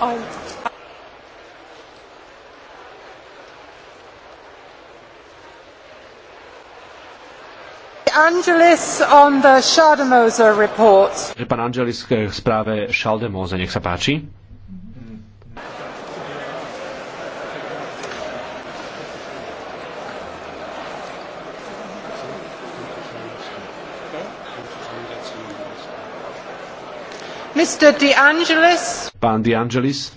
I'm, Angelis on the Schademoser report. Pán Angelis k správe Schaldemose, nech sa páči. Mr. De Angelis. Pán Diangelis.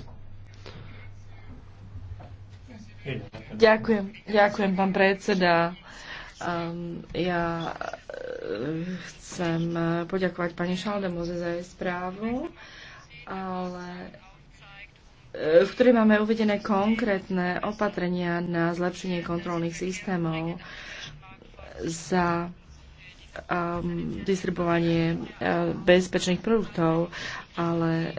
Ďakujem, ďakujem, pán predseda. Um, ja eh, chcem eh, poďakovať pani Šaldemoze za jej správu, ale eh, v ktorej máme uvedené konkrétne opatrenia na zlepšenie kontrolných systémov za um, distribuovanie uh, bezpečných produktov ale e,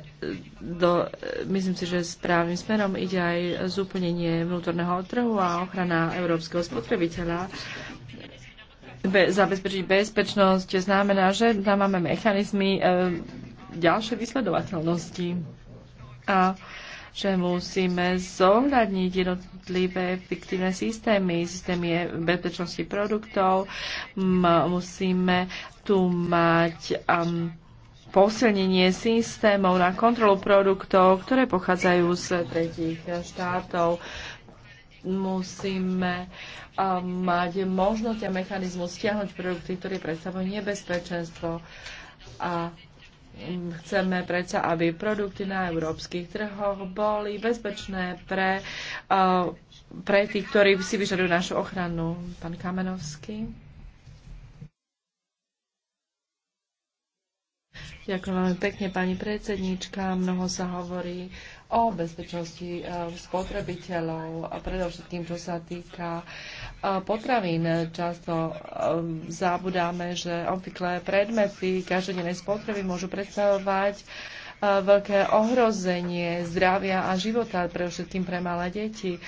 do, e, myslím si, že správnym smerom ide aj zúplnenie vnútorného trhu a ochrana európskeho spotrebiteľa. Be, zabezpečiť bezpečnosť znamená, že tam máme mechanizmy e, ďalšej vysledovateľnosti a že musíme zohľadniť jednotlivé fiktívne systémy, systémy bezpečnosti produktov, musíme tu mať um, posilnenie systémov na kontrolu produktov, ktoré pochádzajú z tretich štátov. Musíme mať možnosť a mechanizmus stiahnuť produkty, ktoré predstavujú nebezpečenstvo a mm, chceme predsa, aby produkty na európskych trhoch boli bezpečné pre, pre tých, ktorí si vyžadujú našu ochranu. Pán Kamenovský. Ďakujem veľmi pekne, pani predsednička. Mnoho sa hovorí o bezpečnosti eh, spotrebiteľov a predovšetkým, čo sa týka eh, potravín. Často eh, zabudáme, že obvyklé predmety každodennej spotreby môžu predstavovať veľké ohrozenie zdravia a života, pre všetkým pre malé deti.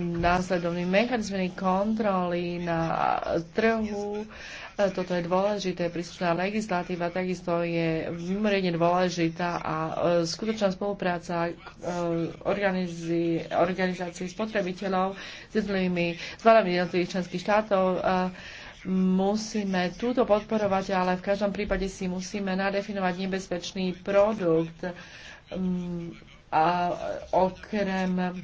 Následovný mechanizmy kontroly na trhu E, toto je dôležité. Príslušná legislatíva takisto je mimoriadne dôležitá a e, skutočná spolupráca e, organizácií spotrebiteľov s jednotlivými zvládami jednotlivých členských štátov musíme túto podporovať, ale v každom prípade si musíme nadefinovať nebezpečný produkt mm, a okrem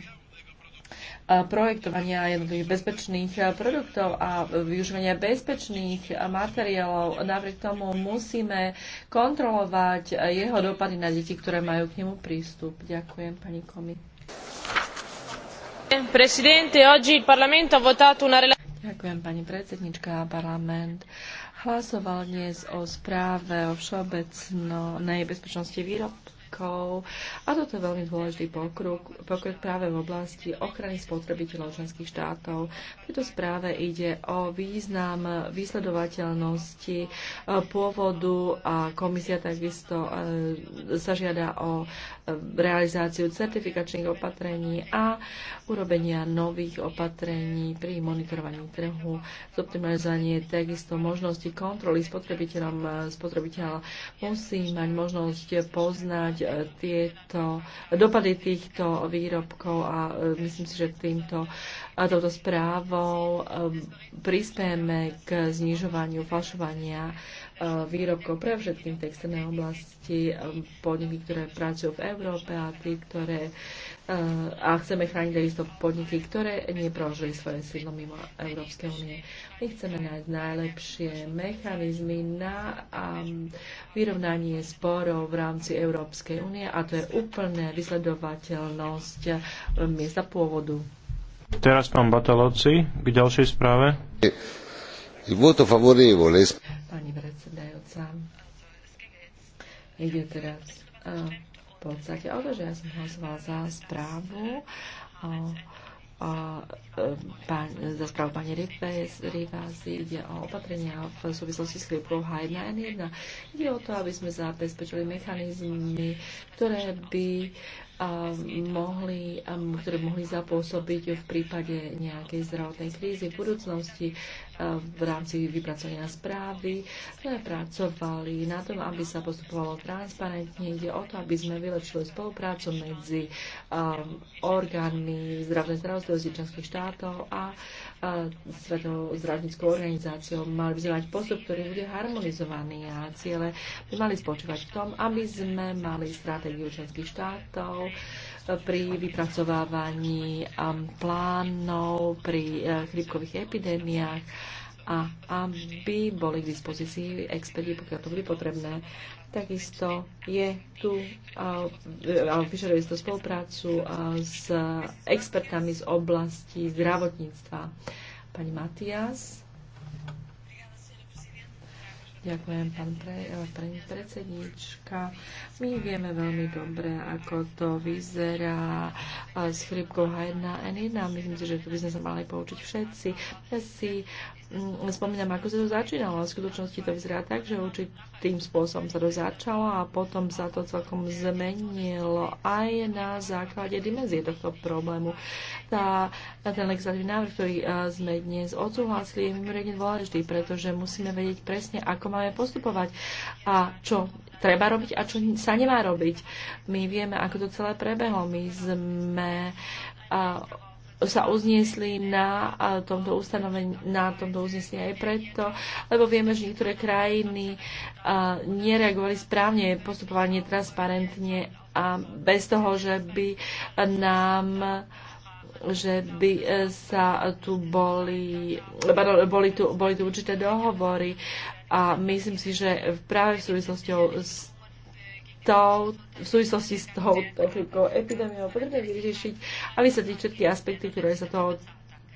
projektovania jednotlivých bezpečných eh, produktov a eh, využívania bezpečných eh, materiálov. Napriek tomu musíme kontrolovať jeho dopady na deti, ktoré majú k nemu prístup. Ďakujem, pani Komi. Ďakujem, pani predsednička. Parlament hlasoval dnes o správe o všeobecnej bezpečnosti výrobcov výrobkov. A toto je veľmi dôležitý pokrok, pokrok práve v oblasti ochrany spotrebiteľov členských štátov. V tejto správe ide o význam vysledovateľnosti eh, pôvodu a komisia takisto eh, sa žiada o realizáciu certifikačných opatrení a urobenia nových opatrení pri monitorovaní trhu, zoptimalizovanie takisto možnosti kontroly spotrebiteľom. E, Spotrebiteľ musí mať možnosť poznať e, tieto dopady týchto výrobkov a e, myslím si, že týmto a touto správou prispieme k znižovaniu falšovania E, výrobkov pre všetkým textilné oblasti, e, podniky, ktoré pracujú v Európe a tí, ktoré e, a chceme chrániť takisto podniky, ktoré neprožili svoje sídlo mimo Európskej únie. My chceme nájsť najlepšie mechanizmy na um, vyrovnanie sporov v rámci Európskej únie a to je úplná vysledovateľnosť miesta pôvodu. Teraz pán Batalovci k ďalšej správe. Il voto favorevole. Pani predsedajúca, ide teraz uh, v podstate o to, že ja som hlasovala za správu o uh, e, pán, za správu pani Rivasi ide o opatrenia v súvislosti s chrípkou H1N1. Ide o to, aby sme zabezpečili mechanizmy, ktoré by mohli, ktoré by mohli zapôsobiť v prípade nejakej zdravotnej krízy v budúcnosti v rámci vypracovania správy sme pracovali na tom, aby sa postupovalo transparentne. Ide o to, aby sme vylepšili spoluprácu medzi um, orgánmi zdravotnej starostlivosti členských štátov a uh, Svetovou zdravotníckou organizáciou. Mali by sme mať postup, ktorý bude harmonizovaný a ciele by mali spočívať v tom, aby sme mali stratégiu členských štátov, pri vypracovávaní um, plánov, pri eh, chrypkových epidémiách a aby boli k dispozícii experti, pokiaľ to bude potrebné. Takisto je tu, eh, eh, vyžaduje to spoluprácu s expertami z oblasti zdravotníctva. Pani Matias. Ďakujem, pán pre, eh, pani predsednička. My vieme veľmi dobre, ako to vyzerá eh, s chrypkou H1N1. Myslím si, že to by sme sa mali poučiť všetci. Ja si Mm, spomínam, ako sa to začínalo. V skutočnosti to vyzerá tak, že určitým spôsobom sa to začalo a potom sa to celkom zmenilo aj na základe dimenzie tohto problému. Tá, ten legislatívny návrh, ktorý e, sme dnes odsúhlasili, je mimoriadne dôležitý, pretože musíme vedieť presne, ako máme postupovať a čo treba robiť a čo sa nemá robiť. My vieme, ako to celé prebehlo. My sme uh, sa uzniesli na tomto ustanovení, na tomto uznesení aj preto, lebo vieme, že niektoré krajiny nereagovali správne, postupovali netransparentne a bez toho, že by nám že by e, sa tu boli, boli, tu, boli tu určité dohovory a myslím si, že práve v súvislosti s to v súvislosti s tou chrípkou epidémiou potrebujeme vyriešiť a vysvetliť všetky aspekty, ktoré sa toho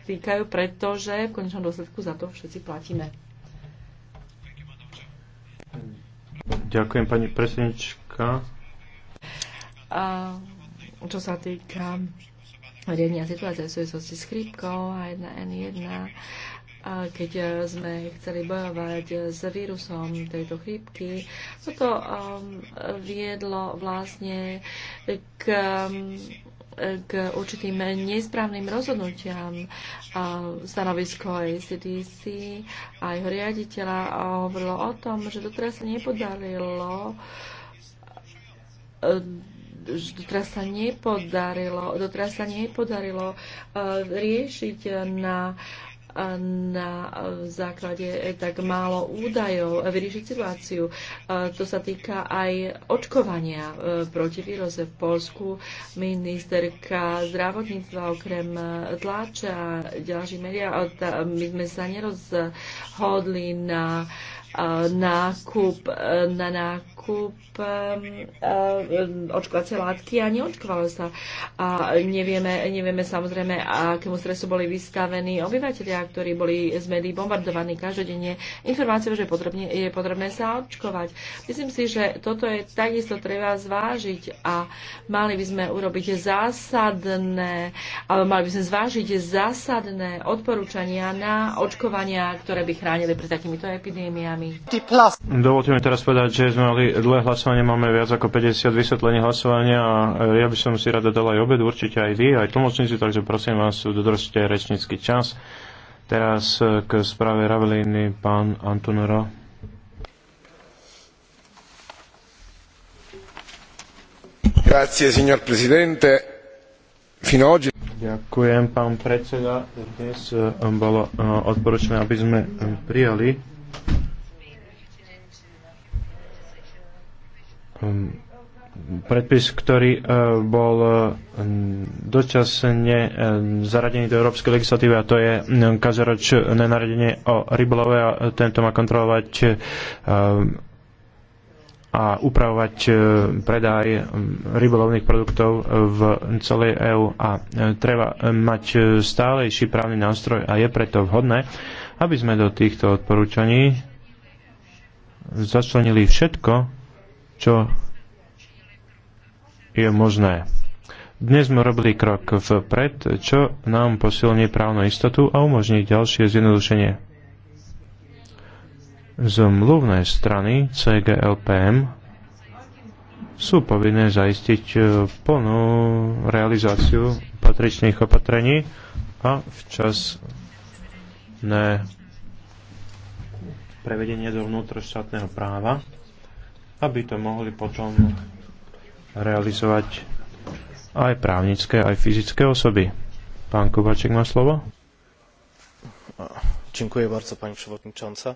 týkajú, pretože v konečnom dôsledku za to všetci platíme. Ďakujem, pani predsednička. A, čo sa týka riadenia situácie v súvislosti s chrípkou a 1N1, a keď eh, sme chceli bojovať eh, s vírusom tejto chrípky. Toto um, viedlo vlastne k um, k určitým nesprávnym rozhodnutiam eh, stanovisko ACDC a jeho riaditeľa hovorilo o tom, že doteraz sa nepodarilo doteraz sa nepodarilo, doteraz sa nepodarilo riešiť na na základe eh, tak málo údajov eh, vyriešiť situáciu. Eh, to sa týka aj očkovania proti výroze v Polsku. Ministerka zdravotníctva okrem tláča, a ďalších médiá, my sme sa nerozhodli na nákup, e, na nákup e, e, očkovacie látky a neočkovalo sa. A nevieme, nevieme samozrejme, akému stresu boli vystavení obyvateľia, ktorí boli z médií bombardovaní každodenne informáciou, že potrebne, je potrebné sa očkovať. Myslím si, že toto je takisto treba zvážiť a mali by sme urobiť zásadné, alebo mali by sme zvážiť zásadné odporúčania na očkovania, ktoré by chránili pred takýmito epidémiami vami. Dovolte mi teraz povedať, že sme mali dlhé hlasovanie, máme viac ako 50 vysvetlení hlasovania a ja by som si rada dal aj obed, určite aj vy, aj tlmočníci, takže prosím vás, dodržte rečnícky čas. Teraz k správe Raveliny pán Antonoro. Grazie, signor Presidente. Fino oggi... Ďakujem, pán predseda. Dnes eh, bolo eh, odporučené, aby sme eh, prijali Um, predpis, ktorý uh, bol uh, dočasne uh, zaradený do európskej legislatívy a to je um, každoročné naredenie o rybolove a tento má kontrolovať a upravovať predaj um, rybolovných produktov v celej EÚ a treba mať stálejší právny nástroj a je preto vhodné, aby sme do týchto odporúčaní začlenili všetko, čo je možné. Dnes sme robili krok vpred, čo nám posilní právnu istotu a umožní ďalšie zjednodušenie. Z mluvnej strany CGLPM sú povinné zaistiť eh, plnú realizáciu patričných opatrení a včasné prevedenie do vnútroštátneho práva aby to mohli potom realizovať aj právnické, aj fyzické osoby. Pán Kubaček má slovo. Dziękuję bardzo, pani przewodnicząca.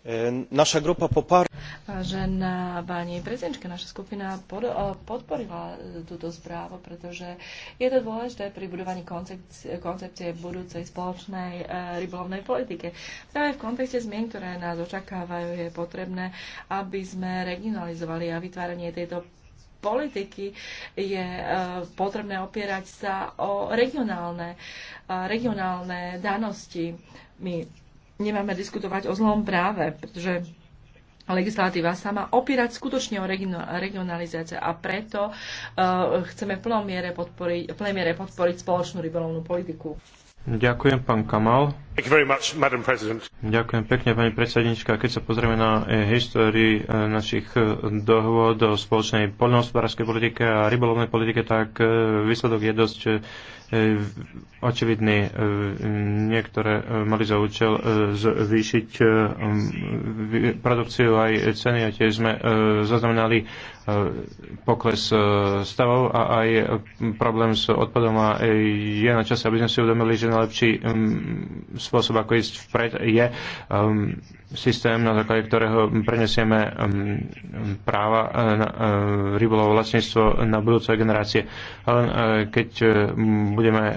E, naša grupa popar... Vážená pani prezidentka, naša skupina pod, e, podporila túto správu, pretože je to dôležité pri budovaní koncepcie, koncepcie budúcej spoločnej e, rybolovnej politike. Práve v kontexte zmien, ktoré nás očakávajú, je potrebné, aby sme regionalizovali a vytváranie tejto politiky je e, potrebné opierať sa o regionálne, e, regionálne danosti. My nemáme diskutovať o zlom práve, pretože legislatíva sa má opírať skutočne o regionalizácie a preto uh, chceme v plnom miere podporiť, v plnej miere podporiť spoločnú rybolovnú politiku. Ďakujem, pán Kamal. Ďakujem pekne, pani predsednička. Keď sa pozrieme na eh, histórii eh, našich eh, dohôd o spoločnej poľnohospodárskej politike a rybolovnej politike, tak výsledok je dosť očividný. Niektoré mali za účel zvýšiť produkciu aj ceny a tiež sme zaznamenali pokles stavov a aj problém s odpadom a je na čase, aby sme si uvedomili, že najlepší mm, spôsob, ako ísť vpred, je um, systém, na základe ktorého prenesieme um, práva na uh, rybolovo vlastníctvo na budúce generácie. Ale uh, keď uh, budeme uh,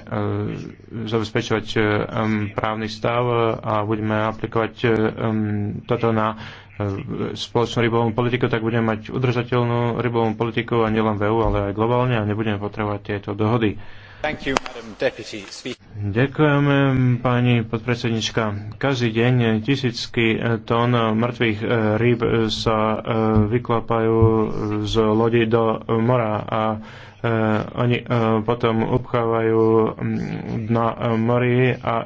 zabezpečovať uh, um, právny stav uh, a budeme aplikovať uh, um, toto na spoločnú rybovú politiku, tak budeme mať udržateľnú rybovú politiku a nielen v EU, ale aj globálne a nebudeme potrebovať tieto dohody. You, pani podpredsednička. Každý deň tisícky tón mŕtvych eh, rýb sa eh, vyklapajú eh, z lodi do mora a oni potom upchávajú mm, na mori a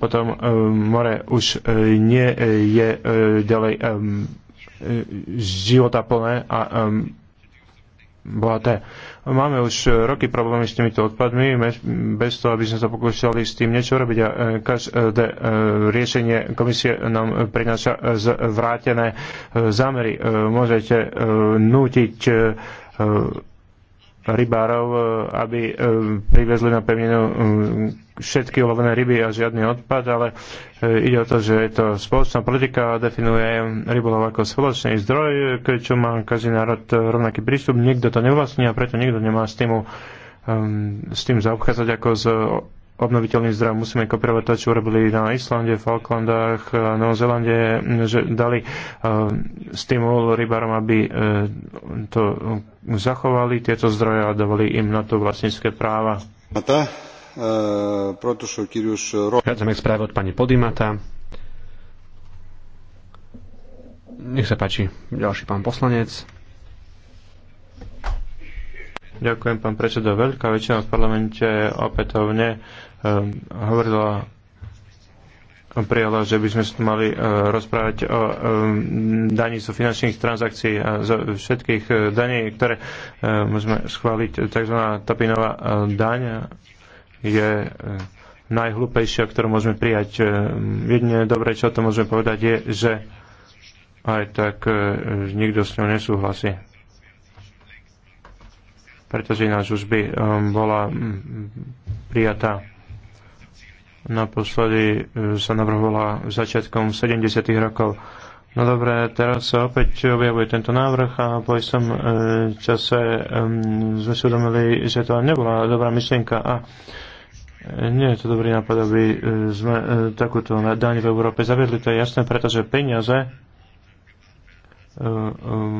potom more už nie je ďalej života plné a bohaté Máme už e, roky problémy s týmito odpadmi, bez toho, aby sme sa pokúšali s tým niečo robiť. A e, každé e, riešenie komisie nám prináša zvrátené zámery. Môžete nútiť rybárov, e, aby e, privezli na pevninu e, všetky ulovené ryby a žiadny odpad, ale ide o to, že je to spoločná politika, definuje rybolov ako spoločný zdroj, k čo má každý národ rovnaký prístup, nikto to nevlastní a preto nikto nemá s tým, s tým zaobchádzať ako s obnoviteľných zdrojov. Musíme kopírovať to, čo urobili na Islande, Falklandách, Novom Zelande, že dali e, stimul rybárom, aby e, to zachovali tieto zdroje a dovali im na to vlastnícke práva. E, Chádzame k správe od pani Podimata. Nech sa páči, ďalší pán poslanec. Ďakujem, pán predseda. Veľká väčšina v parlamente opätovne Ehm, hovorila prijala, že by sme mali e, rozprávať o ehm, daní zo finančných transakcií a zo všetkých e, daní, ktoré e, môžeme schváliť. Tzv. tapinová daň je najhlúpejšia, ktorú môžeme prijať. Jedine dobré, čo to môžeme povedať, je, že aj tak nikto s ňou nesúhlasí pretože ináč už by bola prijatá naposledy e, sa navrhovala začiatkom 70. rokov. No dobré, teraz sa opäť objavuje tento návrh a po istom e, čase e, sme si uvedomili, že to nebola dobrá myšlienka a e, nie je to dobrý nápad, aby e, sme e, takúto daň v Európe zaviedli. To je jasné, pretože peniaze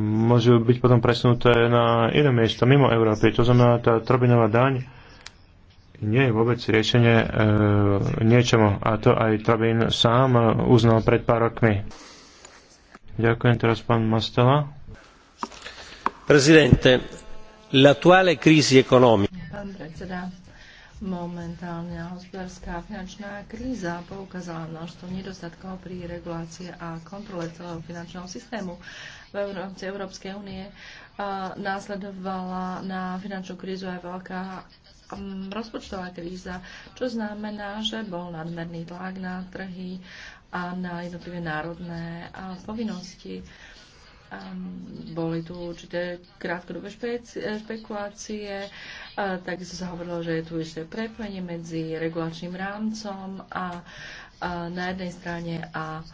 môžu byť potom presunuté na iné miesto mimo Európy. To znamená, tá trobinová daň nie je vôbec riešenie e, niečomu. A to aj Trabín sám e, uznal pred pár rokmi. Ďakujem teraz pán Mastela. Prezidente, l'attuale crisi economica. Pán predseda, momentálna hospodárska finančná kríza poukázala množstvo nedostatkov pri regulácii a kontrole celého finančného systému v rámci Európskej únie. Následovala na finančnú krízu aj veľká Mm, rozpočtová kríza, čo znamená, že bol nadmerný tlak na trhy a na jednotlivé národné povinnosti. Boli tu určité krátkodobé špekulácie, tak sa hovorilo, že je tu ešte prepojenie medzi regulačným rámcom a na jednej strane a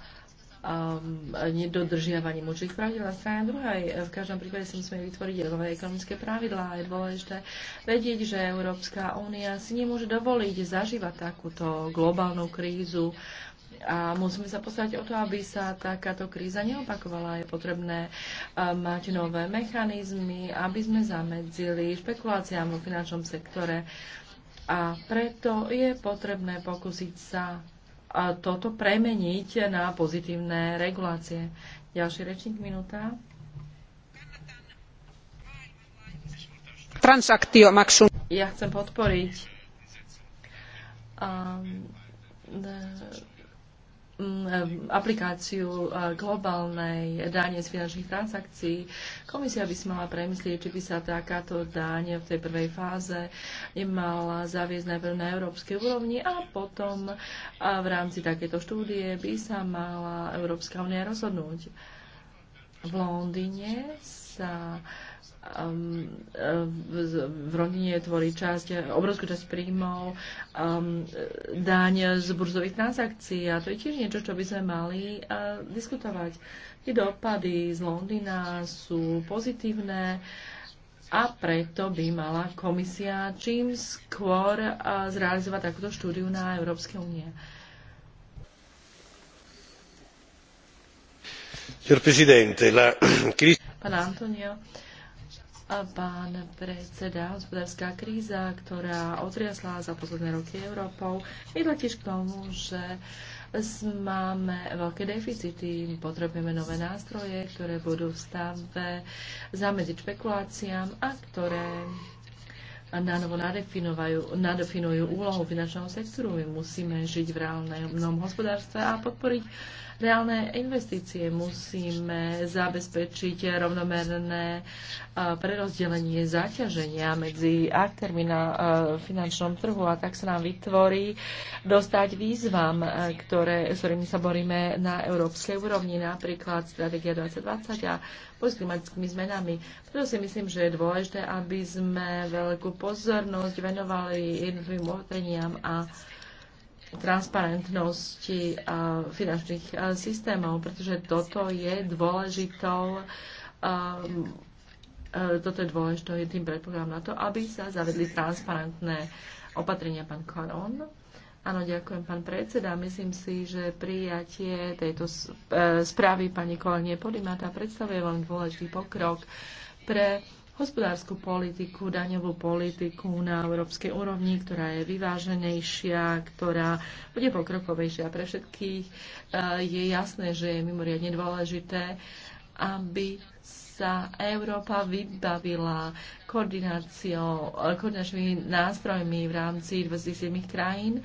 um, nedodržiavaním určitých pravidel. A strana druhej, v každom prípade si musíme vytvoriť nové ekonomické pravidlá. je dôležité vedieť, že Európska únia si nemôže dovoliť zažívať takúto globálnu krízu, a musíme sa postarať o to, aby sa takáto kríza neopakovala. Je potrebné um, mať nové mechanizmy, aby sme zamedzili špekuláciám vo finančnom sektore. A preto je potrebné pokúsiť sa toto premeniť na pozitívne regulácie. Ďalší rečník, minúta. Ja chcem podporiť um, Mm, aplikáciu eh, globálnej dáne z finančných transakcií. Komisia by si mala premyslieť, či by sa takáto dáň v tej prvej fáze mala zaviesť najprv na európskej úrovni a potom eh, v rámci takéto štúdie by sa mala Európska únia rozhodnúť. V Londýne sa uh, Um, v rodine tvorí časť, obrovskú časť príjmov, um, daň z burzových transakcií a to je tiež niečo, čo by sme mali uh, diskutovať. Tie dopady z Londýna sú pozitívne a preto by mala komisia čím skôr uh, zrealizovať takúto štúdiu na Európskej únie. Pán Antonio, pán predseda, hospodárska kríza, ktorá otriasla za posledné roky Európou, je tiež k tomu, že máme veľké deficity, potrebujeme nové nástroje, ktoré budú v stave zamedziť špekuláciám a ktoré na novo nadefinujú, nadefinujú úlohu finančného sektoru. My musíme žiť v reálnom hospodárstve a podporiť reálne investície. Musíme zabezpečiť rovnomerné prerozdelenie zaťaženia medzi aktérmi na finančnom trhu a tak sa nám vytvorí dostať výzvam, ktoré, s ktorými sa boríme na európskej úrovni, napríklad Stratégia 2020 a boj s klimatickými zmenami. Preto si myslím, že je dôležité, aby sme veľkú pozornosť venovali jednotlivým opatreniam a transparentnosti finančných systémov, pretože toto je dôležitou toto je dôležité tým predpokladom na to, aby sa zavedli transparentné opatrenia pán Koron. Áno, ďakujem, pán predseda. Myslím si, že prijatie tejto e, správy pani kolenie Podimata predstavuje veľmi dôležitý pokrok pre hospodárskú politiku, daňovú politiku na európskej úrovni, ktorá je vyváženejšia, ktorá bude pokrokovejšia pre všetkých. Eh, je jasné, že je mimoriadne dôležité, aby sa Európa vybavila koordináciou, eh, koordinačnými nástrojmi v rámci 27 krajín eh,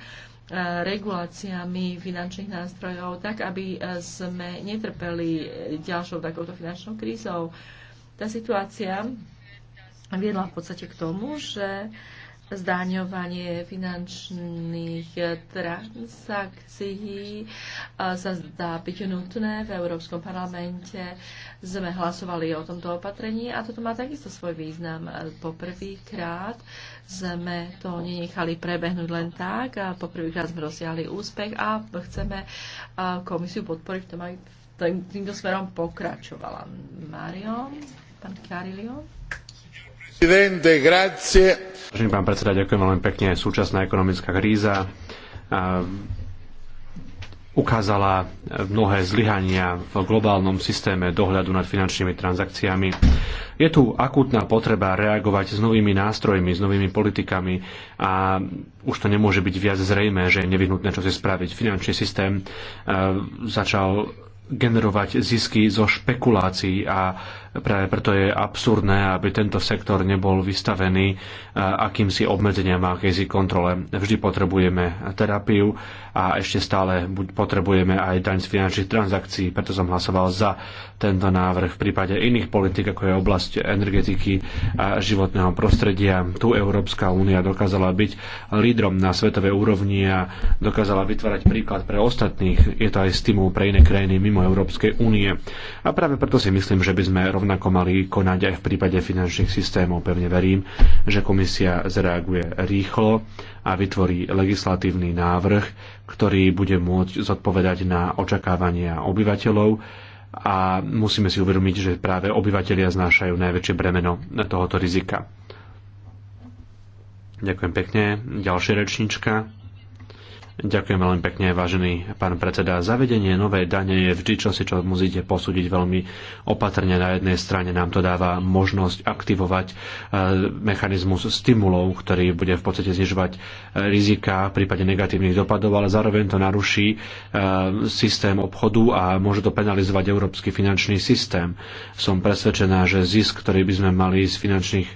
reguláciami finančných nástrojov, tak aby sme netrpeli ďalšou takouto finančnou krízou. Tá situácia viedla v podstate k tomu, že zdáňovanie finančných transakcií eh, sa zdá byť nutné. V Európskom parlamente sme hlasovali o tomto opatrení a toto má takisto svoj význam. Poprvýkrát sme to nenechali prebehnúť len tak a poprvýkrát sme rozsiahli úspech a chceme eh, komisiu podporiť v tom, aby týmto smerom pokračovala. Mario, pán Karilio. Vážený pán predseda, ďakujem veľmi pekne. Súčasná ekonomická kríza ukázala mnohé zlyhania v globálnom systéme dohľadu nad finančnými transakciami. Je tu akútna potreba reagovať s novými nástrojmi, s novými politikami a už to nemôže byť viac zrejme, že je nevyhnutné čo si spraviť. Finančný systém začal generovať zisky zo špekulácií a Práve preto je absurdné, aby tento sektor nebol vystavený e, akýmsi obmedzeniam a akejsi kontrole. Vždy potrebujeme terapiu a ešte stále potrebujeme aj daň z finančných transakcií, preto som hlasoval za tento návrh. V prípade iných politik, ako je oblasť energetiky a životného prostredia, tu Európska únia dokázala byť lídrom na svetovej úrovni a dokázala vytvárať príklad pre ostatných. Je to aj stimul pre iné krajiny mimo Európskej únie. A práve preto si myslím, že by sme rovnako mali konať aj v prípade finančných systémov. Pevne verím, že komisia zareaguje rýchlo a vytvorí legislatívny návrh, ktorý bude môcť zodpovedať na očakávania obyvateľov a musíme si uvedomiť, že práve obyvateľia znášajú najväčšie bremeno tohoto rizika. Ďakujem pekne. Ďalšia rečnička. Ďakujem veľmi pekne, vážený pán predseda. Zavedenie novej dane je vždy čosi, čo musíte posúdiť veľmi opatrne. Na jednej strane nám to dáva možnosť aktivovať e, mechanizmus stimulov, ktorý bude v podstate znižovať e, rizika v prípade negatívnych dopadov, ale zároveň to naruší e, systém obchodu a môže to penalizovať európsky finančný systém. Som presvedčená, že zisk, ktorý by sme mali z finančných,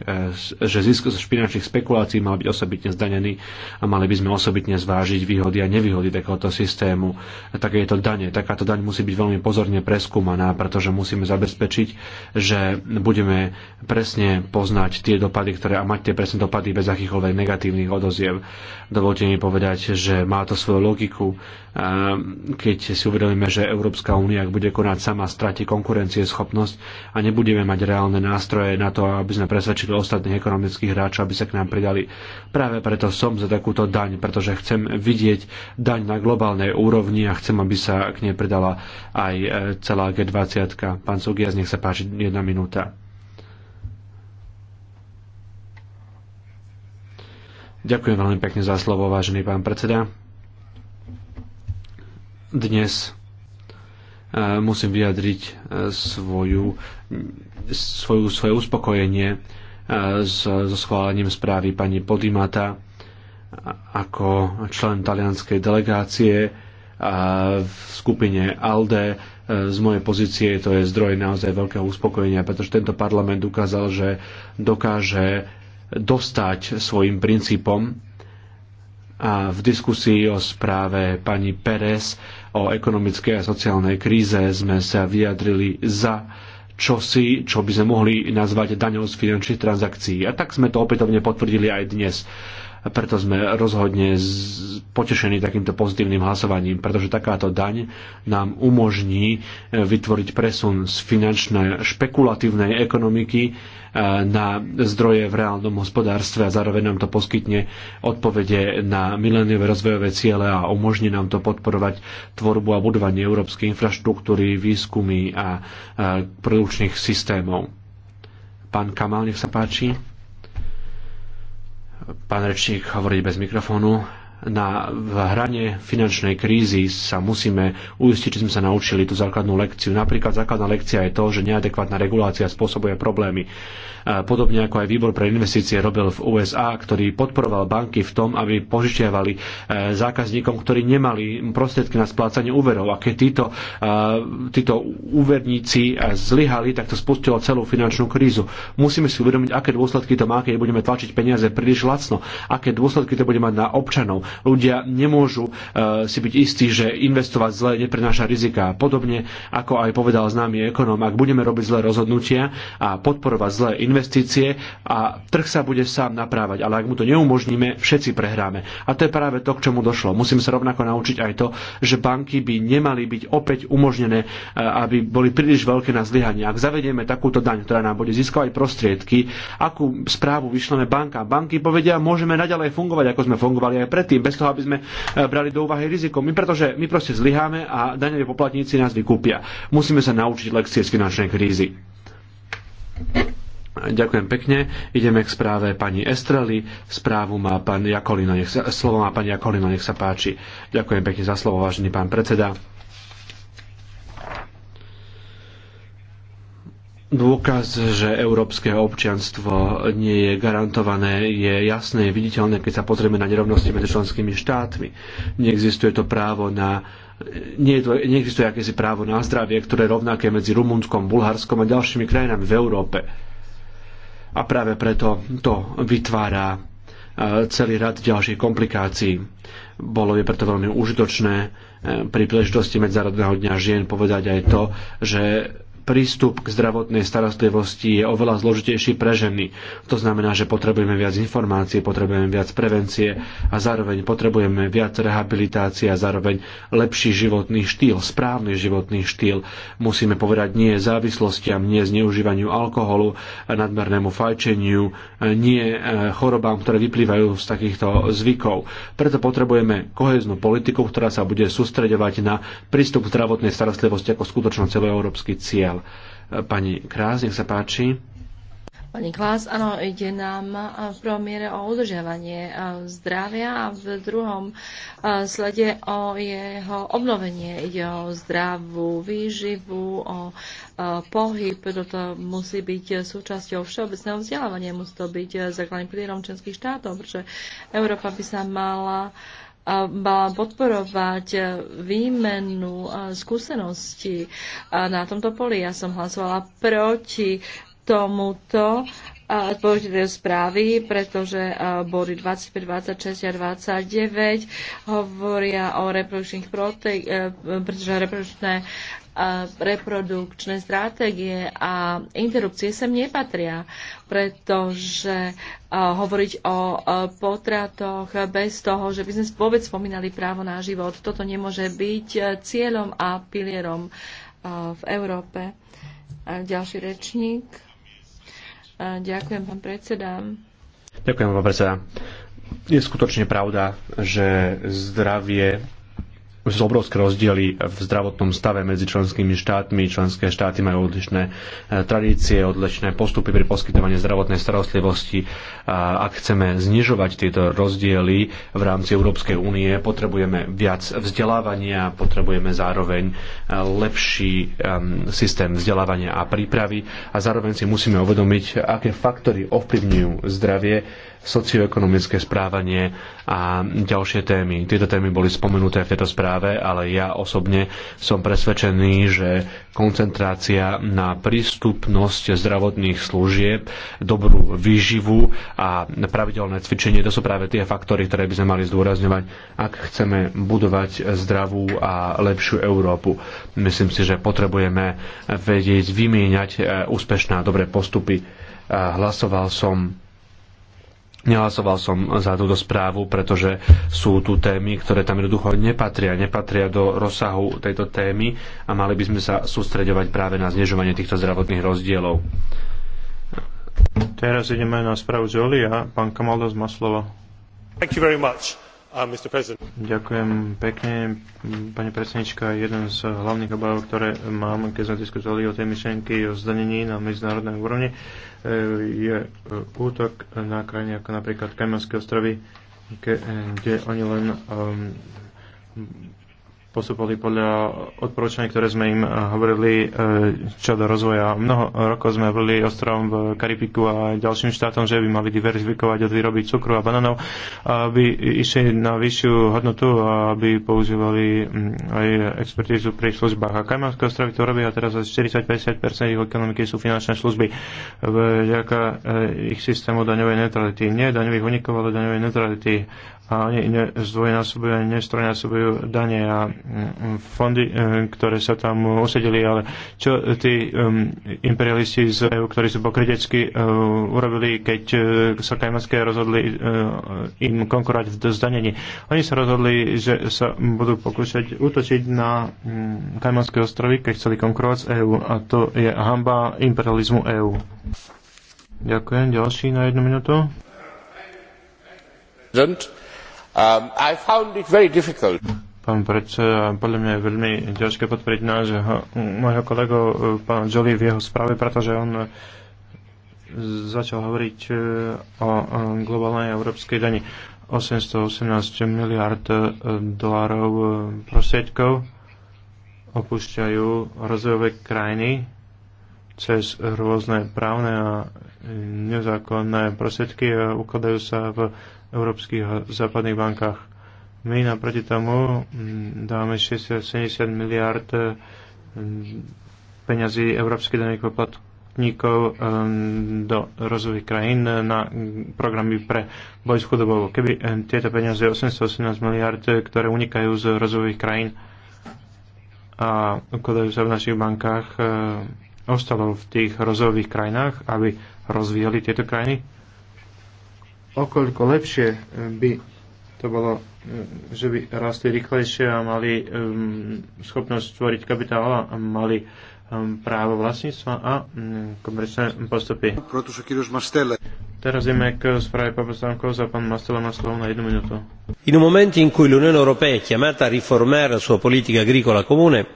že zisk z finančných spekulácií mal byť osobitne zdanený a mali by sme osobitne zvážiť výhod výhody a nevýhody takéhoto systému, takéto dane. Takáto daň musí byť veľmi pozorne preskúmaná, pretože musíme zabezpečiť, že budeme presne poznať tie dopady, ktoré a mať tie presne dopady bez akýchkoľvek negatívnych odoziev. Dovolte mi povedať, že má to svoju logiku, keď si uvedomíme, že Európska únia, ak bude konať sama, stráti konkurencieschopnosť a nebudeme mať reálne nástroje na to, aby sme presvedčili ostatných ekonomických hráčov, aby sa k nám pridali. Práve preto som za takúto daň, pretože chcem vidieť daň na globálnej úrovni a chcem, aby sa k nej pridala aj e, celá G20. Pán Sugias, nech sa páči, jedna minúta. Ďakujem veľmi pekne za slovo, vážený pán predseda dnes e, musím vyjadriť e, svoju, svoju, svoje uspokojenie e, so schválením správy pani Podimata ako člen talianskej delegácie a v skupine ALDE z mojej pozície to je zdroj naozaj veľkého uspokojenia, pretože tento parlament ukázal, že dokáže dostať svojim princípom a v diskusii o správe pani Perez o ekonomickej a sociálnej kríze sme sa vyjadrili za čosi, čo by sme mohli nazvať daňou z finančných transakcií. A tak sme to opätovne potvrdili aj dnes. Preto sme rozhodne potešení takýmto pozitívnym hlasovaním, pretože takáto daň nám umožní e, vytvoriť presun z finančnej špekulatívnej ekonomiky e, na zdroje v reálnom hospodárstve a zároveň nám to poskytne odpovede na mileniové rozvojové ciele a umožní nám to podporovať tvorbu a budovanie európskej infraštruktúry, výskumy a e, produkčných systémov. Pán Kamal, nech sa páči. Pán rečník hovorí bez mikrofónu na hrane finančnej krízy sa musíme uistiť, že sme sa naučili tú základnú lekciu. Napríklad základná lekcia je to, že neadekvátna regulácia spôsobuje problémy. E, podobne ako aj výbor pre investície robil v USA, ktorý podporoval banky v tom, aby požičiavali e, zákazníkom, ktorí nemali prostriedky na splácanie úverov. A keď títo, e, títo úverníci zlyhali, tak to spustilo celú finančnú krízu. Musíme si uvedomiť, aké dôsledky to má, keď budeme tlačiť peniaze príliš lacno, aké dôsledky to bude mať na občanov, ľudia nemôžu e, si byť istí, že investovať zle neprináša rizika. Podobne ako aj povedal známy ekonóm, ak budeme robiť zlé rozhodnutia a podporovať zlé investície a trh sa bude sám naprávať, ale ak mu to neumožníme, všetci prehráme. A to je práve to, k čomu došlo. Musím sa rovnako naučiť aj to, že banky by nemali byť opäť umožnené, e, aby boli príliš veľké na zlyhanie. Ak zavedieme takúto daň, ktorá nám bude získavať prostriedky, akú správu vyšleme banka, Banky povedia, môžeme naďalej fungovať, ako sme fungovali aj predtým tým, bez toho, aby sme e, brali do úvahy riziko. My, pretože my proste zlyháme a daňoví poplatníci nás vykúpia. Musíme sa naučiť lekcie z finančnej krízy. Ďakujem pekne. Ideme k správe pani Estrely. Správu má pán Jakolino. Nech sa, slovo má pani Jakolino. Nech sa páči. Ďakujem pekne za slovo, vážený pán predseda. Dôkaz, že európske občianstvo nie je garantované, je jasné, je viditeľné, keď sa pozrieme na nerovnosti medzi členskými štátmi. Neexistuje to právo na nie, to, neexistuje akési právo na zdravie, ktoré je rovnaké medzi Rumunskom, Bulharskom a ďalšími krajinami v Európe. A práve preto to vytvára e, celý rad ďalších komplikácií. Bolo je preto veľmi užitočné e, pri príležitosti Medzárodného dňa žien povedať aj to, že prístup k zdravotnej starostlivosti je oveľa zložitejší pre ženy. To znamená, že potrebujeme viac informácií, potrebujeme viac prevencie a zároveň potrebujeme viac rehabilitácie a zároveň lepší životný štýl, správny životný štýl. Musíme povedať nie závislostiam, nie zneužívaniu alkoholu, nadmernému fajčeniu, nie eh, chorobám, ktoré vyplývajú z takýchto zvykov. Preto potrebujeme koheznú politiku, ktorá sa bude sústreďovať na prístup k zdravotnej starostlivosti ako skutočno celoeurópsky cieľ materiál. Pani Krás, nech sa páči. Pani Klás, áno, ide nám v prvom miere o udržiavanie zdravia a v druhom slede o jeho obnovenie. Ide o zdravú výživu, o pohyb, toto musí byť súčasťou všeobecného vzdelávania, musí to byť e, základným pilierom členských štátov, pretože Európa by sa mala mala podporovať e, výmenu e, skúseností e, na tomto poli. Ja som hlasovala proti tomuto dôležité správy, pretože body 25, 26 a 29 hovoria o reprodukčných proteínoch, pretože reprodukčné reprodukčné stratégie a interrupcie sem nepatria, pretože hovoriť o potratoch bez toho, že by sme vôbec spomínali právo na život, toto nemôže byť e, cieľom a pilierom v Európe. Ďalší rečník. Ďakujem, pán predseda. Ďakujem, pán predseda. Je skutočne pravda, že zdravie sú obrovské rozdiely v zdravotnom stave medzi členskými štátmi. Členské štáty majú odlišné e, tradície, odlišné postupy pri poskytovaní zdravotnej starostlivosti. A ak chceme znižovať tieto rozdiely v rámci Európskej únie, potrebujeme viac vzdelávania, potrebujeme zároveň e, lepší systém vzdelávania a prípravy a zároveň si musíme uvedomiť, aké faktory ovplyvňujú zdravie socioekonomické správanie a ďalšie témy. Tieto témy boli spomenuté v tejto správe, ale ja osobne som presvedčený, že koncentrácia na prístupnosť zdravotných služieb, dobrú výživu a pravidelné cvičenie, to sú práve tie faktory, ktoré by sme mali zdôrazňovať, ak chceme budovať zdravú a lepšiu Európu. Myslím si, že potrebujeme vedieť vymieňať e, úspešné a dobré postupy. E, hlasoval som Nehlasoval som za túto správu, pretože sú tu témy, ktoré tam jednoducho nepatria, nepatria do rozsahu tejto témy a mali by sme sa sústreďovať práve na znižovanie týchto zdravotných rozdielov. Teraz ideme na správu z Pán Kamaldas má slovo. Thank you very much. Uh, Ďakujem pekne, pani predsednička. Jeden z hlavných obáv, ktoré mám, keď sme diskutovali o tej myšlenky o zdanení na medzinárodnej úrovni, eh, je eh, útok na krajiny ako napríklad Kajmanské ostrovy, eh, kde oni len ehm, postupovali podľa odporúčaní, ktoré sme im eh, hovorili eh, čo do rozvoja. Mnoho rokov sme boli ostrovom v Karibiku a ďalším štátom, že by mali diverzifikovať od výroby cukru a bananov, aby išli na vyššiu hodnotu a aby používali mm, aj expertízu pri službách. A Kajmanské ostrovy to robia teraz až 40-50% ich ekonomiky sú finančné služby vďaka eh, ich systému daňovej neutrality. Nie daňových unikov, ale daňovej neutrality a oni ne, zdvojnásobujú, nestrojnásobujú dane a fondy, eh, ktoré sa tam usedili, ale čo tí imperialisti z EU, ktorí sú pokrytecky eh, urobili, keď eh, sa Kajmanské rozhodli im konkurovať v zdanení. Oni sa rozhodli, že sa budú pokúšať útočiť na mm, Kajmanské ostrovy, keď chceli konkurovať s EU a to je hamba imperializmu EU. Ďakujem. Ďalší na jednu minútu. Um, I found it very difficult pán predseda. Podľa mňa je veľmi ťažké podporiť nášho môjho kolegu, eh, pán Jolie, v jeho správe, pretože on eh, začal hovoriť eh, o globálnej európskej dani. 818 miliard dolárov prostriedkov opúšťajú rozvojové krajiny cez rôzne právne a nezákonné prostriedky a ukladajú sa v európskych západných bankách my naproti tomu mm, dáme 670 miliard eh, peňazí európskych daných poplatníkov ehm, do rozvojových krajín na programy pre boj s chudobou. Keby eh, tieto peniaze 818 miliard, eh, ktoré unikajú z rozvojových krajín a ukladajú sa v našich bankách, ostalo v tých rozvojových krajinách, aby rozvíjali tieto krajiny? Okoľko lepšie by to bolo že by rastli rýchlejšie a mali um, schopnosť tvoriť kapitál a mali um, právo vlastníctva a um, komerčné postupy. Teraz ideme k správe Papastankov za pán Mastela má slovo na jednu minútu. In un momento in cui l'Unione Europea è chiamata a riformare la sua politica agricola comune,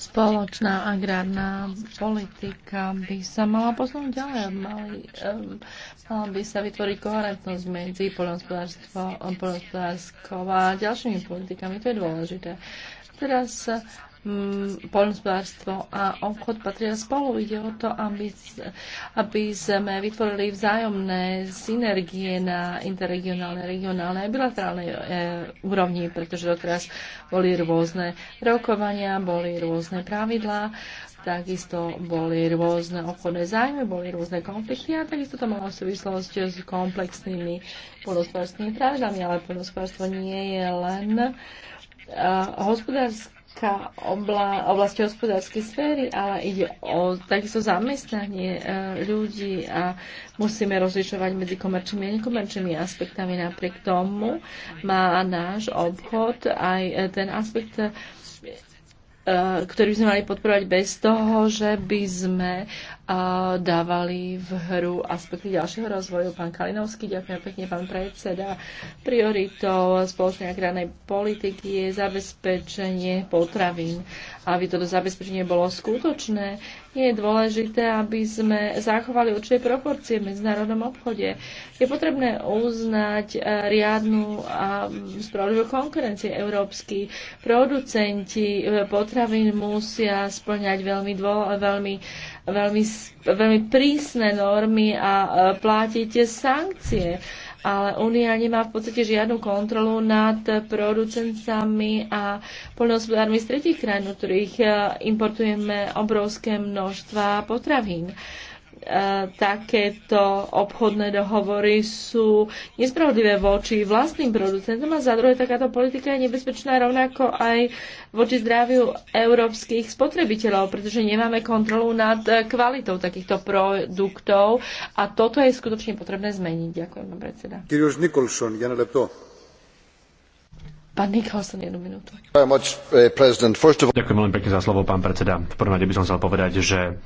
Spoločná agrárna politika by sa mala posunúť ďalej. Mali, um, mala by sa vytvoriť koherentnosť medzi poľnohospodárskou a ďalšími politikami. To je dôležité. Teraz Mm, poľnospodárstvo a obchod patria spolu. Ide o to, aby, aby sme vytvorili vzájomné synergie na interregionálnej, regionálnej a bilaterálnej e, úrovni, pretože doteraz boli rôzne rokovania, boli rôzne pravidlá, takisto boli rôzne obchodné zájmy, boli rôzne konflikty a takisto to malo súvislosť s komplexnými poľnospodárskymi pravidlami, ale poľnospodárstvo nie je len e, hospodárske týka obla, oblasti hospodárskej sféry, ale ide o takisto zamestnanie e, ľudí a musíme rozlišovať medzi komerčnými a nekomerčnými aspektami. Napriek tomu má náš obchod aj e, ten aspekt E, ktorý by sme mali podporovať bez toho, že by sme e, dávali v hru aspekty ďalšieho rozvoju. Pán Kalinovský, ďakujem pekne, pán predseda. Prioritou spoločnej agrárnej politiky je zabezpečenie potravín. Aby toto zabezpečenie bolo skutočné, je dôležité, aby sme zachovali určité proporcie v medzinárodnom obchode. Je potrebné uznať eh, riadnu a mm, spravodlivú konkurenciu. Európsky producenti eh, potravín musia splňať veľmi, dvo, veľmi, veľmi, veľmi prísne normy a eh, platiť sankcie ale Únia nemá v podstate žiadnu kontrolu nad producentami a poľnohospodármi z tretich krajín, ktorých eh, importujeme obrovské množstva potravín. E, takéto obchodné dohovory sú nespravodlivé voči vlastným producentom a za druhé takáto politika je nebezpečná rovnako aj voči zdraviu európskych spotrebiteľov, pretože nemáme kontrolu nad kvalitou takýchto produktov a toto je skutočne potrebné zmeniť. Ďakujem, pán predseda. Nicholson, ja Pán Nicholson, jednu minútu. Eh, Ďakujem veľmi pekne za slovo, pán predseda. V prvom rade by som chcel povedať, že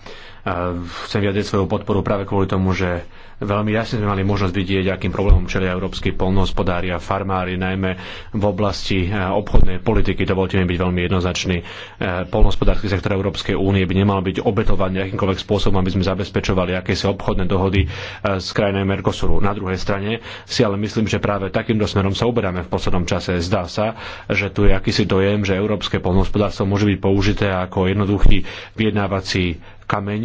chcem vyjadriť svoju podporu práve kvôli tomu, že veľmi jasne sme mali možnosť vidieť, akým problémom čelia európsky polnohospodári a farmári, najmä v oblasti eh, obchodnej politiky. Dovolte mi byť veľmi jednoznačný. Eh, polnohospodársky sektor Európskej únie by nemal byť obetovaný akýmkoľvek spôsobom, aby sme zabezpečovali akési obchodné dohody eh, s krajinami Mercosuru. Na druhej strane si ale myslím, že práve takýmto smerom sa uberáme v poslednom čase. Zdá sa, že tu je akýsi dojem, že európske polnohospodárstvo môže byť použité ako jednoduchý vyjednávací kameň,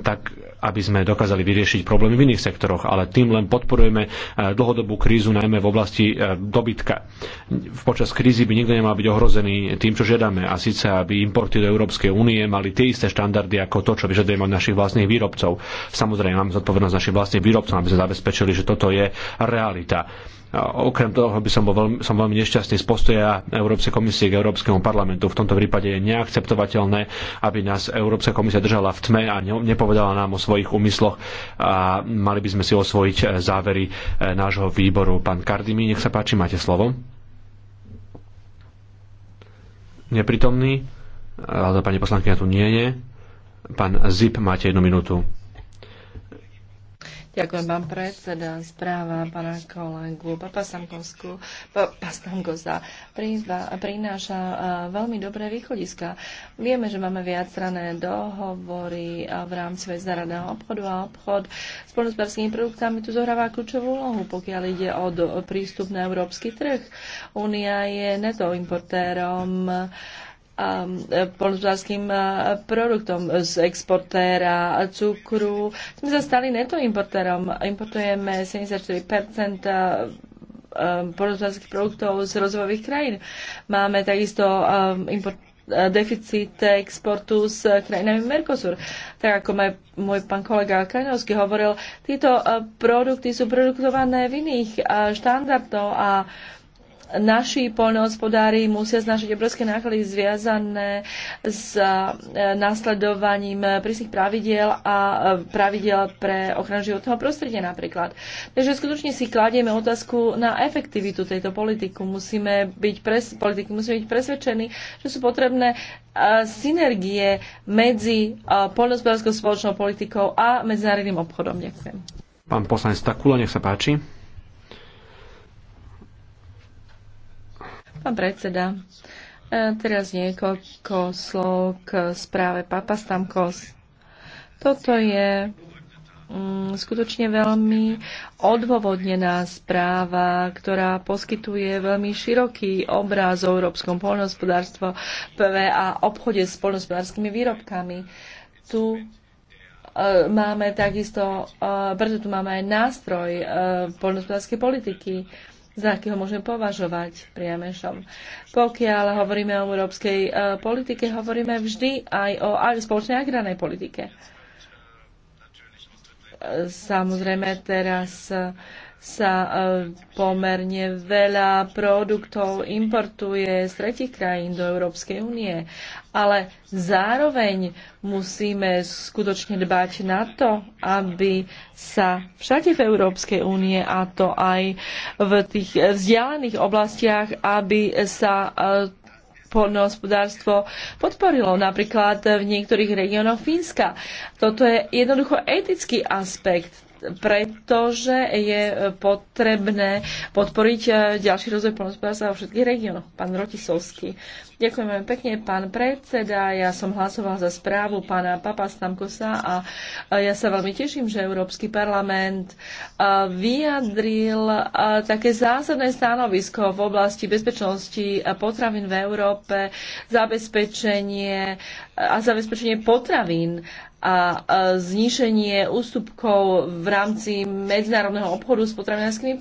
tak aby sme dokázali vyriešiť problémy v iných sektoroch, ale tým len podporujeme dlhodobú krízu, najmä v oblasti dobytka. Počas krízy by nikto nemal byť ohrozený tým, čo žiadame, a síce aby importy do Európskej únie mali tie isté štandardy ako to, čo vyžadujeme od našich vlastných výrobcov. Samozrejme, máme zodpovednosť našich vlastných výrobcov, aby sme zabezpečili, že toto je realita Okrem toho by som bol veľmi, som veľmi nešťastný z postoja Európskej komisie k Európskemu parlamentu. V tomto prípade je neakceptovateľné, aby nás Európska komisia držala v tme a nepovedala nám o svojich úmysloch a mali by sme si osvojiť e, závery e, nášho výboru. Pán Kardimi, nech sa páči, máte slovo. Neprítomný, ale pani poslankyňa tu nie je. Pán Zip, máte jednu minútu. Ďakujem, pán predseda. Správa pána kolegu Papa Sankovsku, Papa Samkosa prináša veľmi dobré východiska. Vieme, že máme viacrané dohovory v rámci medzinárodného obchodu a obchod s polnospodárskými produktami tu zohráva kľúčovú úlohu, pokiaľ ide o prístup na európsky trh. Únia je netoimportérom importérom Um, polnospodárským uh, produktom z exportéra cukru. Sme sa stali importérom. Importujeme 74 uh, um, polnospodárských produktov z rozvojových krajín. Máme takisto um, import uh, deficit exportu s krajinami Mercosur. Tak ako aj môj pán kolega Kajnovský hovoril, tieto produkty sú produktované v iných štandardov a naši poľnohospodári musia znašať obrovské náklady zviazané s e, nasledovaním prísnych pravidiel a e, pravidiel pre ochranu životného prostredia napríklad. Takže skutočne si kladieme otázku na efektivitu tejto politiku. Musíme byť, pres, politiky, musíme byť presvedčení, že sú potrebné e, synergie medzi poľnohospodárskou spoločnou politikou a medzinárodným obchodom. Ďakujem. Pán poslanec Takula, nech sa páči. Pán predseda, e, teraz niekoľko slov k správe Papa Stamkos. Toto je mm, skutočne veľmi odôvodnená správa, ktorá poskytuje veľmi široký obraz o európskom poľnohospodárstve a obchode s poľnohospodárskymi výrobkami. Tu e, máme takisto, e, preto tu máme aj nástroj e, poľnohospodárskej politiky. E, za akého môžeme považovať priamešom. Pokiaľ hovoríme o európskej e, politike, hovoríme vždy aj o spoločnej agrárnej politike. E, samozrejme, teraz e, sa e, pomerne veľa produktov importuje z tretich krajín do Európskej únie. Ale zároveň musíme skutočne dbať na to, aby sa všade v Európskej únie, a to aj v tých vzdialených oblastiach, aby sa e, poľnohospodárstvo podporilo, napríklad v niektorých regiónoch Fínska. Toto je jednoducho etický aspekt pretože je potrebné podporiť eh, ďalší rozvoj polnospodárstva vo všetkých regiónoch. Pán Rotisovský. Ďakujem veľmi pekne, pán predseda. Ja som hlasoval za správu pána Papa Stamkosa a ja sa veľmi teším, že Európsky parlament vyjadril také zásadné stanovisko v oblasti bezpečnosti potravín v Európe, zabezpečenie a zabezpečenie potravín a zníšenie ústupkov v rámci medzinárodného obchodu s potravinárskymi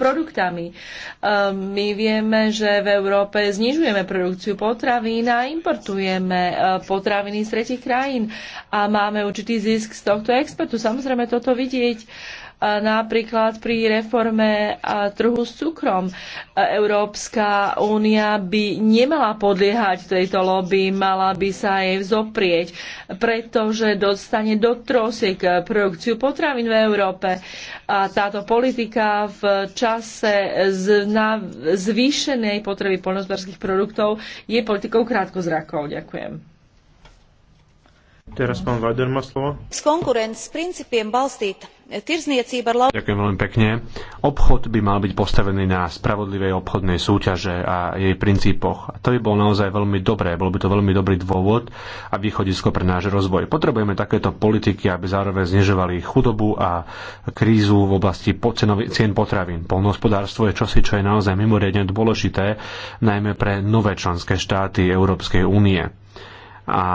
produktami. Ehm, my vieme, že v Európe znižujeme produkciu potravín a importujeme eh, potraviny z tretich krajín a máme určitý zisk z tohto exportu. Samozrejme, toto vidieť napríklad pri reforme trhu s cukrom. Európska únia by nemala podliehať tejto lobby, mala by sa jej vzoprieť, pretože dostane do trosiek produkciu potravín v Európe. A táto politika v čase z, zvýšenej potreby poľnohospodárských produktov je politikou krátkozrakov. Ďakujem. Teraz pán Vajder má slovo. Z konkurenc s princípiem balstīta Ďakujem veľmi pekne. Obchod by mal byť postavený na spravodlivej obchodnej súťaže a jej princípoch. A to by bolo naozaj veľmi dobré, bol by to veľmi dobrý dôvod a východisko pre náš rozvoj. Potrebujeme takéto politiky, aby zároveň znižovali chudobu a krízu v oblasti cien potravín. Polnohospodárstvo je čosi, čo je naozaj mimoriadne dôležité, najmä pre nové členské štáty Európskej únie. A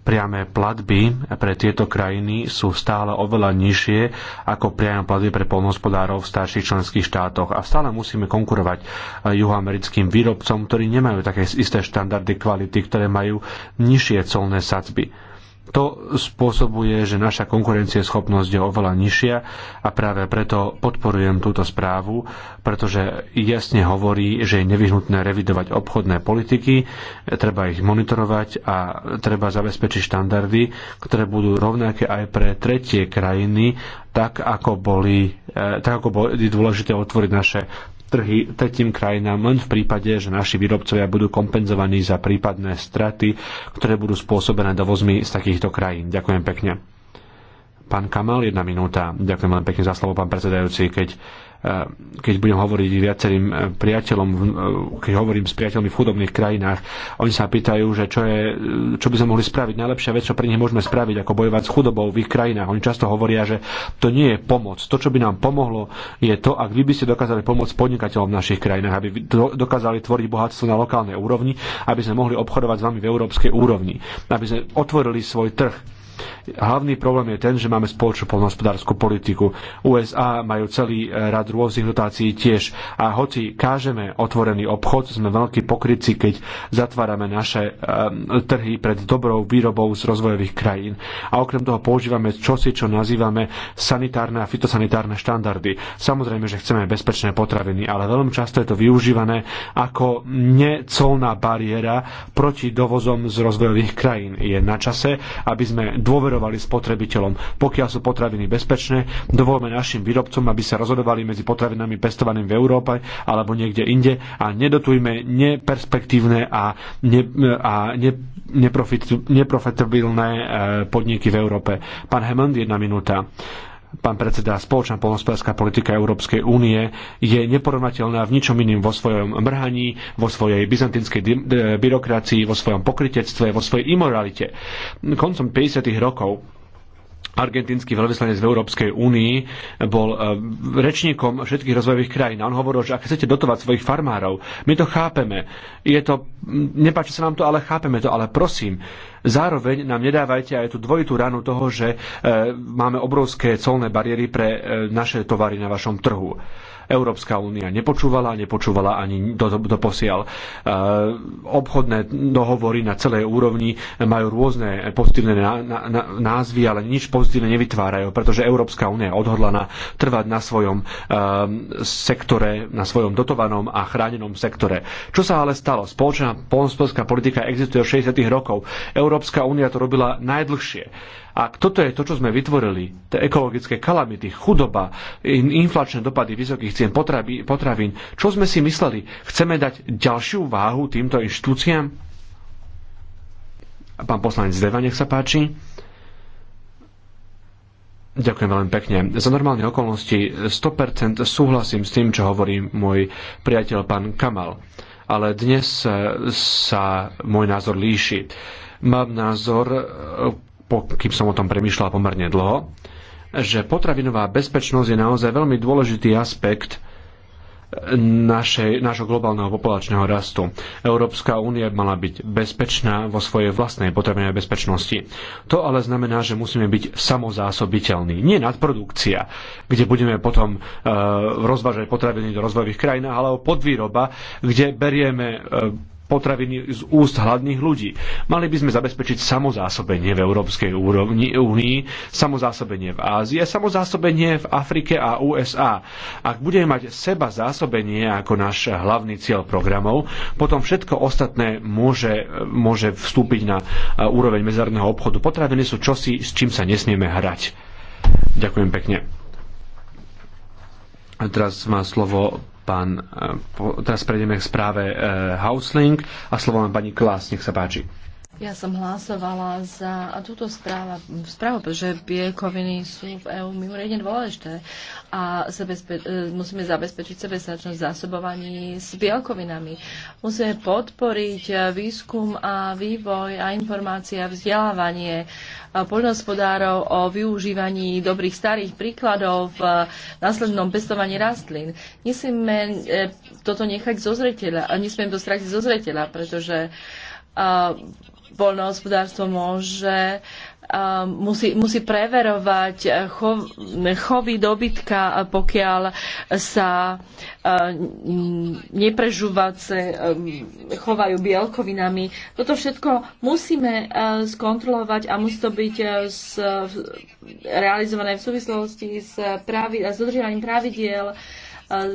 priame platby pre tieto krajiny sú stále oveľa nižšie ako priame platby pre polnohospodárov v starších členských štátoch. A stále musíme konkurovať eh, juhoamerickým výrobcom, ktorí nemajú také isté štandardy kvality, ktoré majú nižšie colné sadzby. To spôsobuje, že naša konkurencieschopnosť je oveľa nižšia a práve preto podporujem túto správu, pretože jasne hovorí, že je nevyhnutné revidovať obchodné politiky, treba ich monitorovať a treba zabezpečiť štandardy, ktoré budú rovnaké aj pre tretie krajiny, tak ako, boli, eh, tak ako boli dôležité otvoriť naše trhy tretím krajinám len v prípade, že naši výrobcovia budú kompenzovaní za prípadné straty, ktoré budú spôsobené dovozmi z takýchto krajín. Ďakujem pekne. Pán Kamal, jedna minúta. Ďakujem veľmi pekne za slovo, pán predsedajúci. Keď Eh, keď budem hovoriť viacerým eh, priateľom, eh, keď hovorím s priateľmi v chudobných krajinách, oni sa pýtajú, že čo, je, čo by sme mohli spraviť, najlepšia vec, čo pre nich môžeme spraviť, ako bojovať s chudobou v ich krajinách. Oni často hovoria, že to nie je pomoc. To, čo by nám pomohlo, je to, ak vy by ste dokázali pomôcť podnikateľom v našich krajinách, aby dokázali tvoriť bohatstvo na lokálnej úrovni, aby sme mohli obchodovať s vami v európskej úrovni, aby sme otvorili svoj trh Hlavný problém je ten, že máme spoločnú polnohospodárskú politiku. USA majú celý e, rad rôznych dotácií tiež a hoci kážeme otvorený obchod, sme veľkí pokrytci, keď zatvárame naše e, trhy pred dobrou výrobou z rozvojových krajín. A okrem toho používame čosi, čo nazývame sanitárne a fitosanitárne štandardy. Samozrejme, že chceme bezpečné potraviny, ale veľmi často je to využívané ako necolná bariéra proti dovozom z rozvojových krajín. Je na čase, aby sme dô dôverovali spotrebiteľom. Pokiaľ sú potraviny bezpečné, dovolme našim výrobcom, aby sa rozhodovali medzi potravinami pestovanými v Európe alebo niekde inde a nedotujme neperspektívne a, ne, a ne, neprofit, neprofitabilné eh, podniky v Európe. Pán Hemond, jedna minúta pán predseda, spoločná polnospodárska politika Európskej únie je neporovnateľná v ničom iným vo svojom mrhaní, vo svojej byzantinskej e, byrokracii, vo svojom pokritectve, vo svojej imoralite. Koncom 50. rokov argentínsky veľvyslanec v Európskej únii, bol e, rečníkom všetkých rozvojových krajín. A on hovoril, že ak chcete dotovať svojich farmárov, my to chápeme. Je to, nepáči sa nám to, ale chápeme to, ale prosím, zároveň nám nedávajte aj tú dvojitú ranu toho, že e, máme obrovské colné bariéry pre e, naše tovary na vašom trhu. Európska únia nepočúvala, nepočúvala ani do, do, do posiaľ. E, obchodné dohovory na celej úrovni majú rôzne pozitívne názvy, ale nič pozitívne nevytvárajú, pretože Európska únia je odhodlaná trvať na svojom e, sektore, na svojom dotovanom a chránenom sektore. Čo sa ale stalo? Spoločná polnospodárska politika existuje od 60. rokov. Európska únia to robila najdlhšie ak toto je to, čo sme vytvorili, tie ekologické kalamity, chudoba, inflačné dopady vysokých cien potravín, čo sme si mysleli? Chceme dať ďalšiu váhu týmto inštitúciám? Pán poslanec Zdeva, nech sa páči. Ďakujem veľmi pekne. Za normálne okolnosti 100% súhlasím s tým, čo hovorí môj priateľ pán Kamal. Ale dnes sa môj názor líši. Mám názor, kým som o tom premyšľal pomerne dlho, že potravinová bezpečnosť je naozaj veľmi dôležitý aspekt našej, nášho globálneho populačného rastu. Európska únia mala byť bezpečná vo svojej vlastnej potravinovej bezpečnosti. To ale znamená, že musíme byť samozásobiteľní. Nie nadprodukcia, kde budeme potom e, rozvážať potraviny do rozvojových krajín, ale o podvýroba, kde berieme e, potraviny z úst hladných ľudí. Mali by sme zabezpečiť samozásobenie v Európskej úrovni, únii, samozásobenie v Ázii a samozásobenie v Afrike a USA. Ak budeme mať seba zásobenie ako náš hlavný cieľ programov, potom všetko ostatné môže, môže vstúpiť na eh, úroveň medzárneho obchodu. Potraviny sú čosi, s čím sa nesmieme hrať. Ďakujem pekne. A teraz má slovo Pán, eh, teraz prejdeme k správe eh, Hausling a slovo má pani Klas, nech sa páči. Ja som hlasovala za túto správa, správu, pretože bielkoviny sú v EÚ mimoriadne dôležité a sebezpe- e, musíme zabezpečiť sebestačnosť v zásobovaní s bielkovinami. Musíme podporiť výskum a vývoj a informácia, vzdelávanie poľnohospodárov o využívaní dobrých starých príkladov v následnom pestovaní rastlín. Nesmieme e, toto nechať zo zreteľa, nesmieme to stratiť zo zreteľa, pretože uh, poľnohospodárstvo môže um, musí, musí preverovať eh, chov, chovy dobytka, eh, pokiaľ sa eh, neprežúvace chovajú bielkovinami. Toto všetko musíme skontrolovať a musí to byť realizované v súvislosti s, pravi, s dodržiavaním pravidiel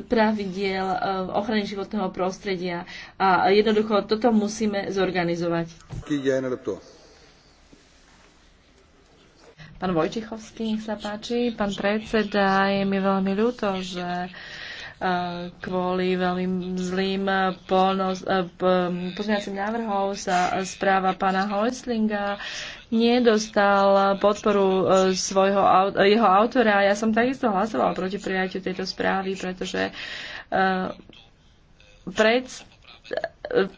pravidiel eh, ochrany životného prostredia. A jednoducho toto musíme zorganizovať. Pán Vojtichovský, nech sa páči. Pán predseda, je mi veľmi ľúto, že eh, kvôli veľmi zlým eh, pozmeňacím návrhom sa správa pána Hojslinga nedostal podporu e, svojho, jeho autora. Ja som takisto hlasovala proti prijatiu tejto správy, pretože e, pred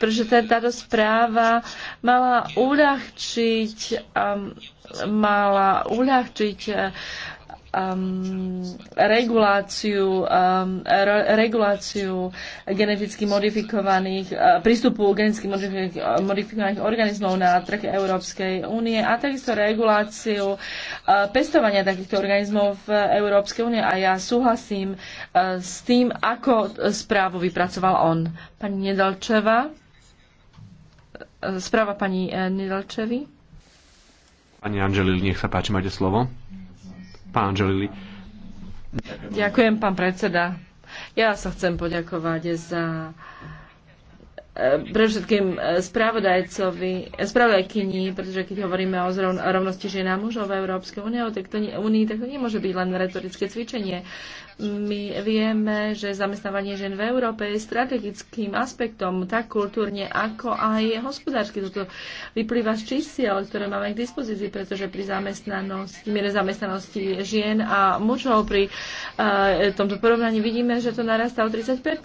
pretože táto správa mala uľahčiť, mala uľahčiť e, um, reguláciu, um, re, reguláciu geneticky modifikovaných, uh, prístupu geneticky modifikovaných, modifikovaných organizmov na trh Európskej únie a takisto reguláciu uh, pestovania takýchto organizmov v Európskej únie. A ja súhlasím uh, s tým, ako správu vypracoval on. Pani Nedalčeva. Uh, správa pani uh, Nedalčevi. Pani Angelil, nech sa páči, máte slovo. Pán Želili. Ďakujem, pán predseda. Ja sa chcem poďakovať za e, pre všetkým e, spravodajcovi, spravodajkyni, pretože keď hovoríme o rovnosti žien a mužov v Európskej únii, tak to, tak to nemôže byť len retorické cvičenie. My vieme, že zamestnávanie žien v Európe je strategickým aspektom tak kultúrne, ako aj hospodársky. Toto vyplýva z čísiel, ktoré máme k dispozícii, pretože pri zamestnanosti, miere zamestnanosti žien a mužov pri uh, tomto porovnaní vidíme, že to narastá o 30 e,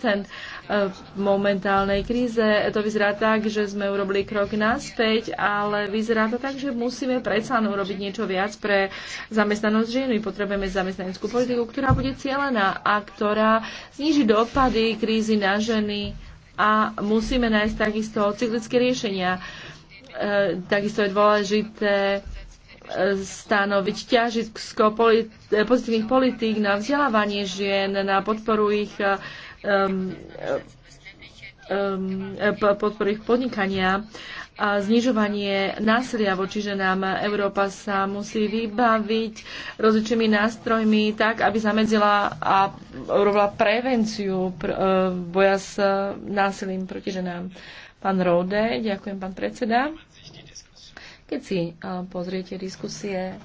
V momentálnej kríze to vyzerá tak, že sme urobili krok naspäť, ale vyzerá to tak, že musíme predsa urobiť niečo viac pre zamestnanosť žien. My potrebujeme zamestnaneckú politiku, ktorá bude cieľa zelená a ktorá zniží dopady krízy na ženy a musíme nájsť takisto cyklické riešenia. E, takisto je dôležité e, stanoviť ťažisko e, pozitívnych politík na vzdelávanie žien, na podporu ich um, um, podporu ich podnikania a znižovanie násilia voči ženám. Európa sa musí vybaviť rozličnými nástrojmi tak, aby zamedzila a robila prevenciu pr- e, boja s násilím proti ženám. Pán Rode, ďakujem, pán predseda. Keď si e, pozriete diskusie e,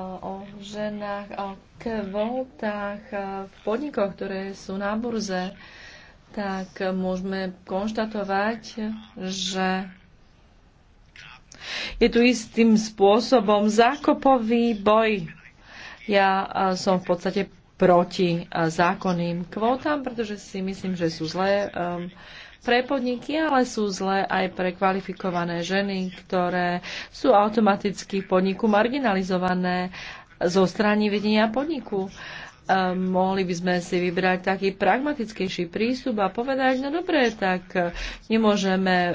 o ženách, o kvótach v podnikoch, ktoré sú na burze, tak môžeme konštatovať, že je tu istým spôsobom zákopový boj. Ja som v podstate proti zákonným kvótam, pretože si myslím, že sú zlé um, pre podniky, ale sú zlé aj pre kvalifikované ženy, ktoré sú automaticky v podniku marginalizované zo strany vedenia podniku. Uh, Ehm, mohli by sme si vybrať taký pragmatickejší prístup a povedať, no dobre, tak e, nemôžeme e,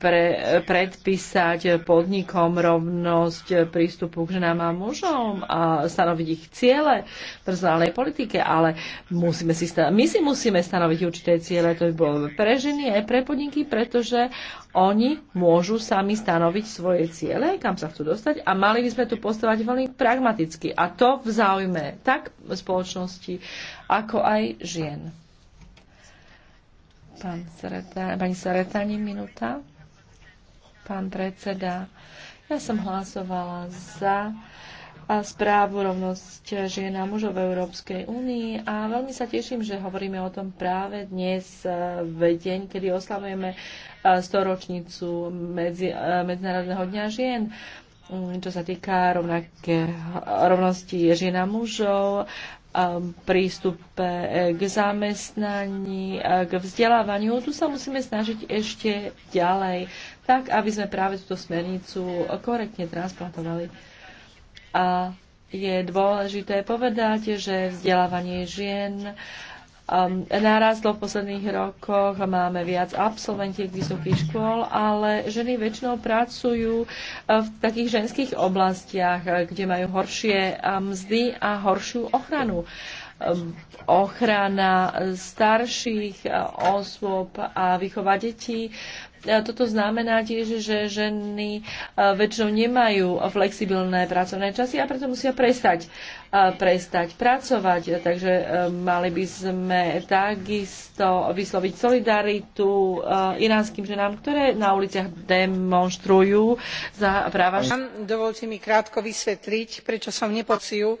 pre, e, predpísať podnikom rovnosť prístupu k ženám a mužom a stanoviť ich ciele v personálnej politike, ale musíme si, my si musíme stanoviť určité ciele, to by bolo pre ženy aj pre podniky, pretože oni môžu sami stanoviť svoje ciele, kam sa chcú dostať a mali by sme tu postavať veľmi pragmaticky a to v záujme tak spoločnosti, ako aj žien. Pán Sretani, pani Saretani, minúta. Pán predseda, ja som hlasovala za správu rovnosť žien a mužov v Európskej únii a veľmi sa teším, že hovoríme o tom práve dnes e, v deň, kedy oslavujeme e, storočnicu medzi, e, Medzinárodného dňa žien mm, čo sa týka rovnaké, rovnosti žien a mužov, prístupe k zamestnaní, k vzdelávaniu. Tu sa musíme snažiť ešte ďalej, tak aby sme práve túto smernicu korektne transplantovali a je dôležité povedať, že vzdelávanie žien um, narastlo v posledných rokoch, máme viac absolventiek vysokých škôl, ale ženy väčšinou pracujú uh, v takých ženských oblastiach, uh, kde majú horšie uh, mzdy a horšiu ochranu. Uh, ochrana starších osôb a výchova detí. Toto znamená tiež, že ženy väčšinou nemajú flexibilné pracovné časy a preto musia prestať, prestať pracovať. Takže e, mali by sme takisto vysloviť solidaritu e, iránskym ženám, ktoré na uliciach demonstrujú za práva. Dovolte mi krátko vysvetliť, prečo som nepociu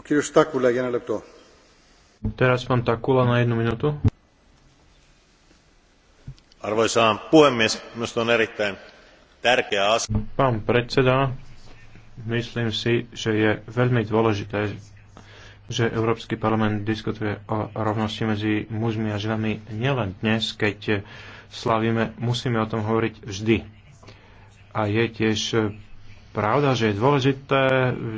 Teraz pán Takula na jednu minútu. Arvoisa puhemies, minusta on erittäin tärkeä asia. Pán predseda, myslím si, že je veľmi dôležité, že Európsky parlament diskutuje o rovnosti medzi mužmi a ženami nielen dnes, keď slavíme, musíme o tom hovoriť vždy. A je tiež pravda, že je dôležité,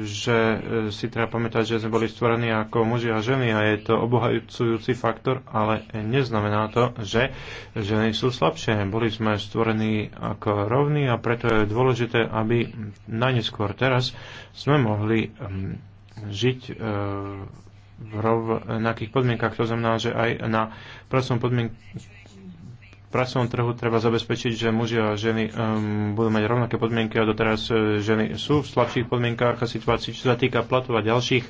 že e, si treba pamätať, že sme boli stvorení ako muži a ženy a je to obohajúcujúci faktor, ale neznamená to, že ženy sú slabšie. Boli sme stvorení ako rovní a preto je dôležité, aby najneskôr teraz sme mohli žiť e, v rovnakých podmienkach. To znamená, že aj na pracovnom podmienkach pracovnom trhu treba zabezpečiť, že muži a ženy um, budú mať rovnaké podmienky a doteraz uh, ženy sú v slabších podmienkách a situácii, čo sa týka platov a ďalších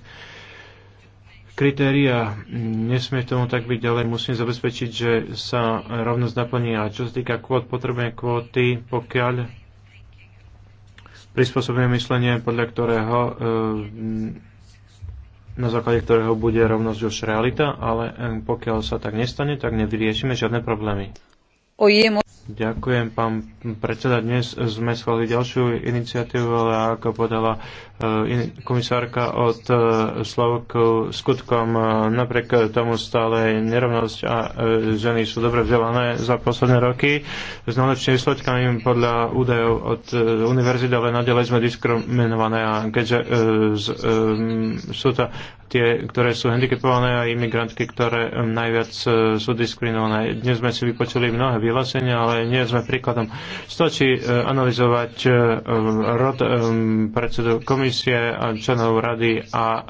kritéria. Nesmie tomu tak byť ďalej. Musím zabezpečiť, že sa rovnosť naplní. A čo sa týka kvót, potrebujeme kvóty, pokiaľ prispôsobíme myslenie, podľa ktorého um, na základe ktorého bude rovnosť už realita, ale um, pokiaľ sa tak nestane, tak nevyriešime žiadne problémy o je Ďakujem, pán predseda. Dnes sme schválili ďalšiu iniciatívu, ale ako podala eh, komisárka od eh, slov skutkom, eh, napriek tomu stále nerovnosť a ženy sú dobre vzdelané za posledné roky. S najlepšími výsledkami podľa údajov od univerzity, ale nadalej sme diskriminované a keďže sú to tie, ktoré sú handicapované a imigrantky, ktoré najviac sú diskriminované. Dnes sme si vypočuli mnohé vyhlásenia, ale ale nie sme príkladom. Stačí e, analyzovať e, e, rod predsedu komisie a členov rady a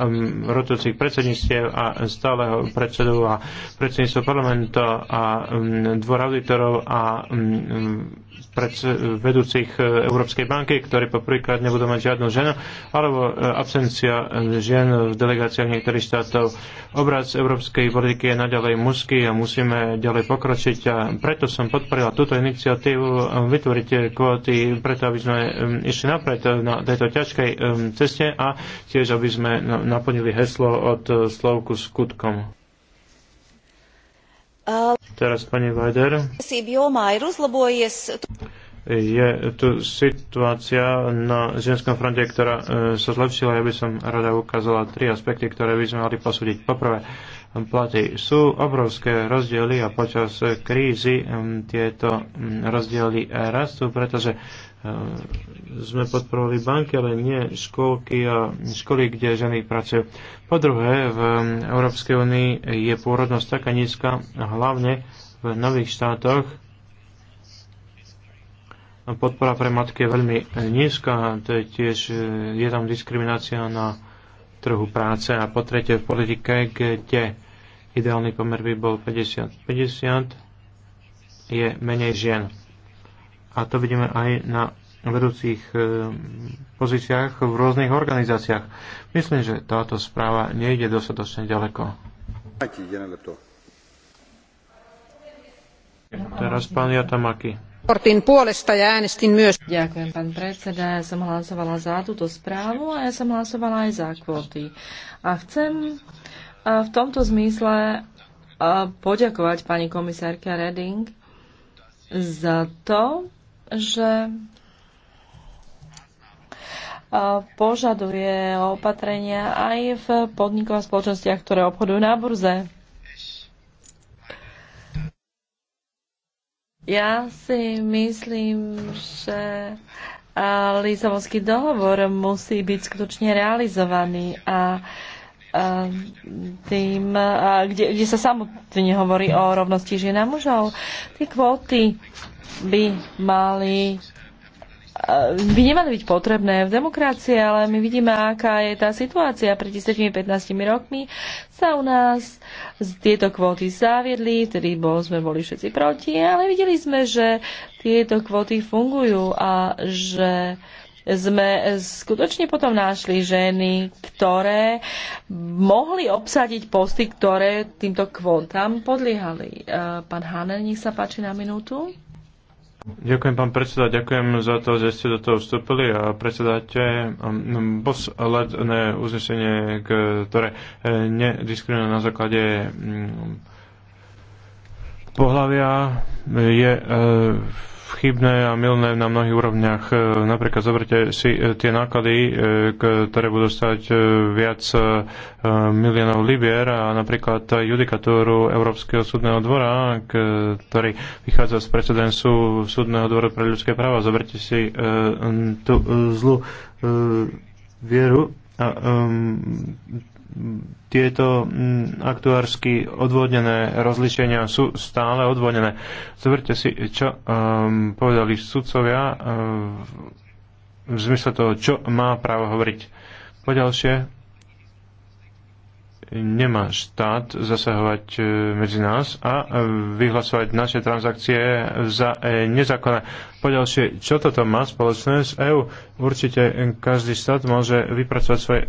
rotujúcich predsedníctiev a stáleho predsedu a predsedníctvo parlamentu a dvor auditorov a vedúcich Európskej banky, ktorí poprvýkrát nebudú mať žiadnu ženu, alebo absencia žien v delegáciách niektorých štátov. Obraz európskej politiky je naďalej mužský a musíme ďalej pokročiť a preto som podporila túto túto iniciatívu um, vytvoriť kvóty preto, aby sme um, išli napred na tejto ťažkej um, ceste a tiež, aby sme naplnili heslo od uh, slovku skutkom. Uh, Teraz pani Vajder. Je tu situácia na ženskom fronte, ktorá uh, sa zlepšila. Ja by som rada ukázala tri aspekty, ktoré by sme mali posúdiť. Poprvé, platy. Sú obrovské rozdiely a počas krízy tieto rozdiely rastú, pretože sme podporovali banky, ale nie školky a školy, kde ženy pracujú. Po druhé, v Európskej únii je pôrodnosť taká nízka, hlavne v nových štátoch. Podpora pre matky je veľmi nízka, to je tiež, e, je tam diskriminácia na trhu práce a po tretie v politike, kde Ideálny pomer by bol 50-50 je menej žien. A to vidíme aj na vedúcich e, pozíciách v rôznych organizáciách. Myslím, že táto správa nejde dostatočne ďaleko. Teraz pán Jatamaki Portin puolesta ja äänestin myös. Ďakujem, pán predseda. Ja som hlasovala za túto správu a ja som hlasovala aj za kvóty. A chcem v tomto zmysle poďakovať pani komisárke Reding za to, že požaduje opatrenia aj v podnikov a spoločnostiach, ktoré obchodujú na burze. Ja si myslím, že Lisabonský dohovor musí byť skutočne realizovaný a uh, Ehm, tým, kde, kde sa samotne hovorí o rovnosti žien a mužov. Tie kvóty by mali ehm, by nemali byť potrebné v demokracii, ale my vidíme, aká je tá situácia. Pred 10-15 rokmi sa u nás tieto kvóty zaviedli, vtedy bol, sme boli všetci proti, ale videli sme, že tieto kvóty fungujú a že uh, sme skutočne potom našli ženy, ktoré mohli obsadiť posty, ktoré týmto kvótam podliehali. E, pán Hanen, nech sa páči na minútu. Ďakujem, pán predseda, ďakujem za to, že ste do toho vstúpili a predsedáte um, um, posledné uznesenie, ktoré e, nediskriminuje na základe mm, pohľavia je e, chybné a milné na mnohých úrovniach. E, napríklad zoberte si e, tie náklady, e, ktoré budú stať viac miliónov libier a napríklad judikatúru Európskeho súdneho dvora, ktorý vychádza z precedensu súdneho dvora pre ľudské práva. Zoberte si tú zlú vieru a um, tieto mm, aktuársky odvodnené rozlišenia sú stále odvodnené. Zoberte si, čo um, povedali sudcovia um, v zmysle toho, čo má právo hovoriť. Poďalšie, nemá štát zasahovať e, medzi nás a e, vyhlasovať naše transakcie za e, nezákonné. Poďalšie, čo toto má spoločné s EÚ? Určite každý štát môže vypracovať svoje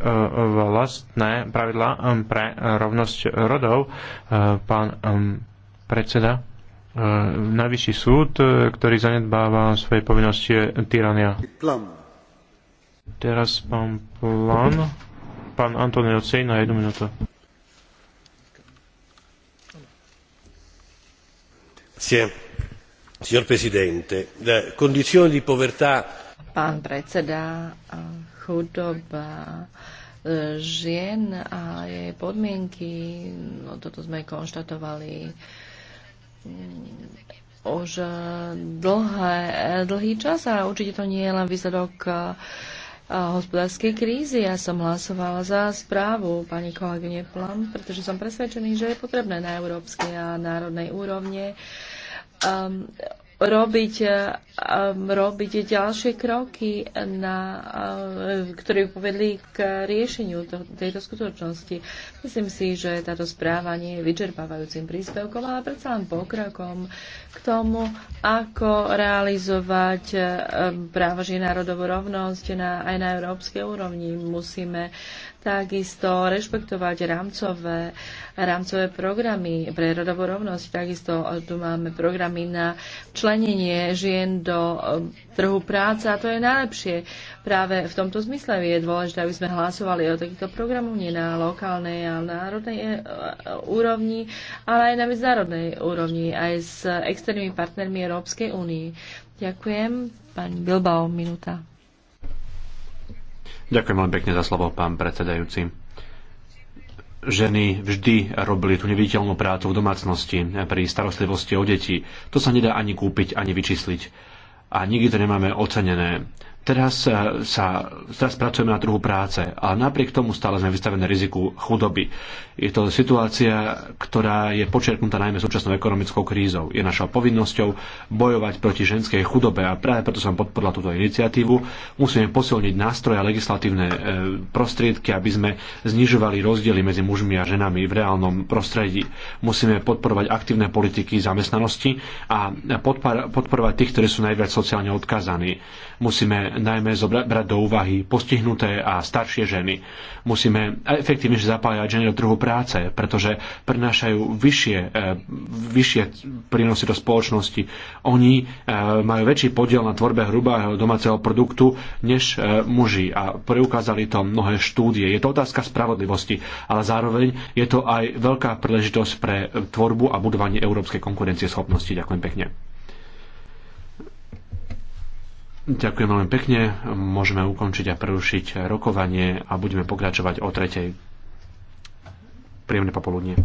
vlastné pravidlá pre rovnosť rodov. Pán predseda, najvyšší súd, ktorý zanedbáva svoje povinnosti, je tyrania. Teraz pán Plan, pán Antonio Cej na jednu minútu. signor presidente le condizioni di povertà. pán predseda chudoba e, žien a jej podmienky no toto sme konštatovali mm, už dlhé, dlhý čas a určite to nie je len výsledok hospodárskej krízy. Ja som hlasovala za správu pani kolegyne Plam, pretože som presvedčený, že je potrebné na európskej a národnej úrovne um, robiť, e, um, robiť ďalšie kroky, na, e, ktoré by povedli k riešeniu to, tejto skutočnosti. Myslím si, že táto správa nie je vyčerpávajúcim príspevkom, ale predsa len pokrokom k tomu, ako realizovať e, práva žien národovú rovnosť na, aj na európskej úrovni. Musíme takisto rešpektovať rámcové, rámcové programy pre rodovú rovnosť. Takisto tu máme programy na členenie žien do e, trhu práce a to je najlepšie. Práve v tomto zmysle je dôležité, aby sme hlasovali o takýchto programoch nie na lokálnej a národnej e, e, úrovni, ale aj na medzinárodnej úrovni, aj s externými partnermi Európskej únie. Ďakujem. Pani Bilbao, minúta. Ďakujem veľmi pekne za slovo, pán predsedajúci. Ženy vždy robili tú neviditeľnú prácu v domácnosti pri starostlivosti o deti. To sa nedá ani kúpiť, ani vyčísliť. A nikdy to nemáme ocenené. Teraz eh, sa teraz pracujeme na trhu práce a napriek tomu stále sme vystavené riziku chudoby. Je to situácia, ktorá je počerknutá najmä súčasnou ekonomickou krízou. Je našou povinnosťou bojovať proti ženskej chudobe a práve preto som podporila túto iniciatívu. Musíme posilniť nástroje a legislatívne eh, prostriedky, aby sme znižovali rozdiely medzi mužmi a ženami v reálnom prostredí. Musíme podporovať aktívne politiky zamestnanosti a podporovať tých, ktorí sú najviac sociálne odkazaní. Musíme najmä zobrať do úvahy postihnuté a staršie ženy. Musíme efektívnejšie zapájať ženy do trhu práce, pretože prinášajú vyššie, e, vyššie prínosy do spoločnosti. Oni e, majú väčší podiel na tvorbe hrubého domáceho produktu než e, muži a preukázali to mnohé štúdie. Je to otázka spravodlivosti, ale zároveň je to aj veľká príležitosť pre tvorbu a budovanie európskej konkurencieschopnosti. Ďakujem pekne. Ďakujem veľmi pekne. Môžeme ukončiť a prerušiť rokovanie a budeme pokračovať o tretej. Príjemné popoludnie.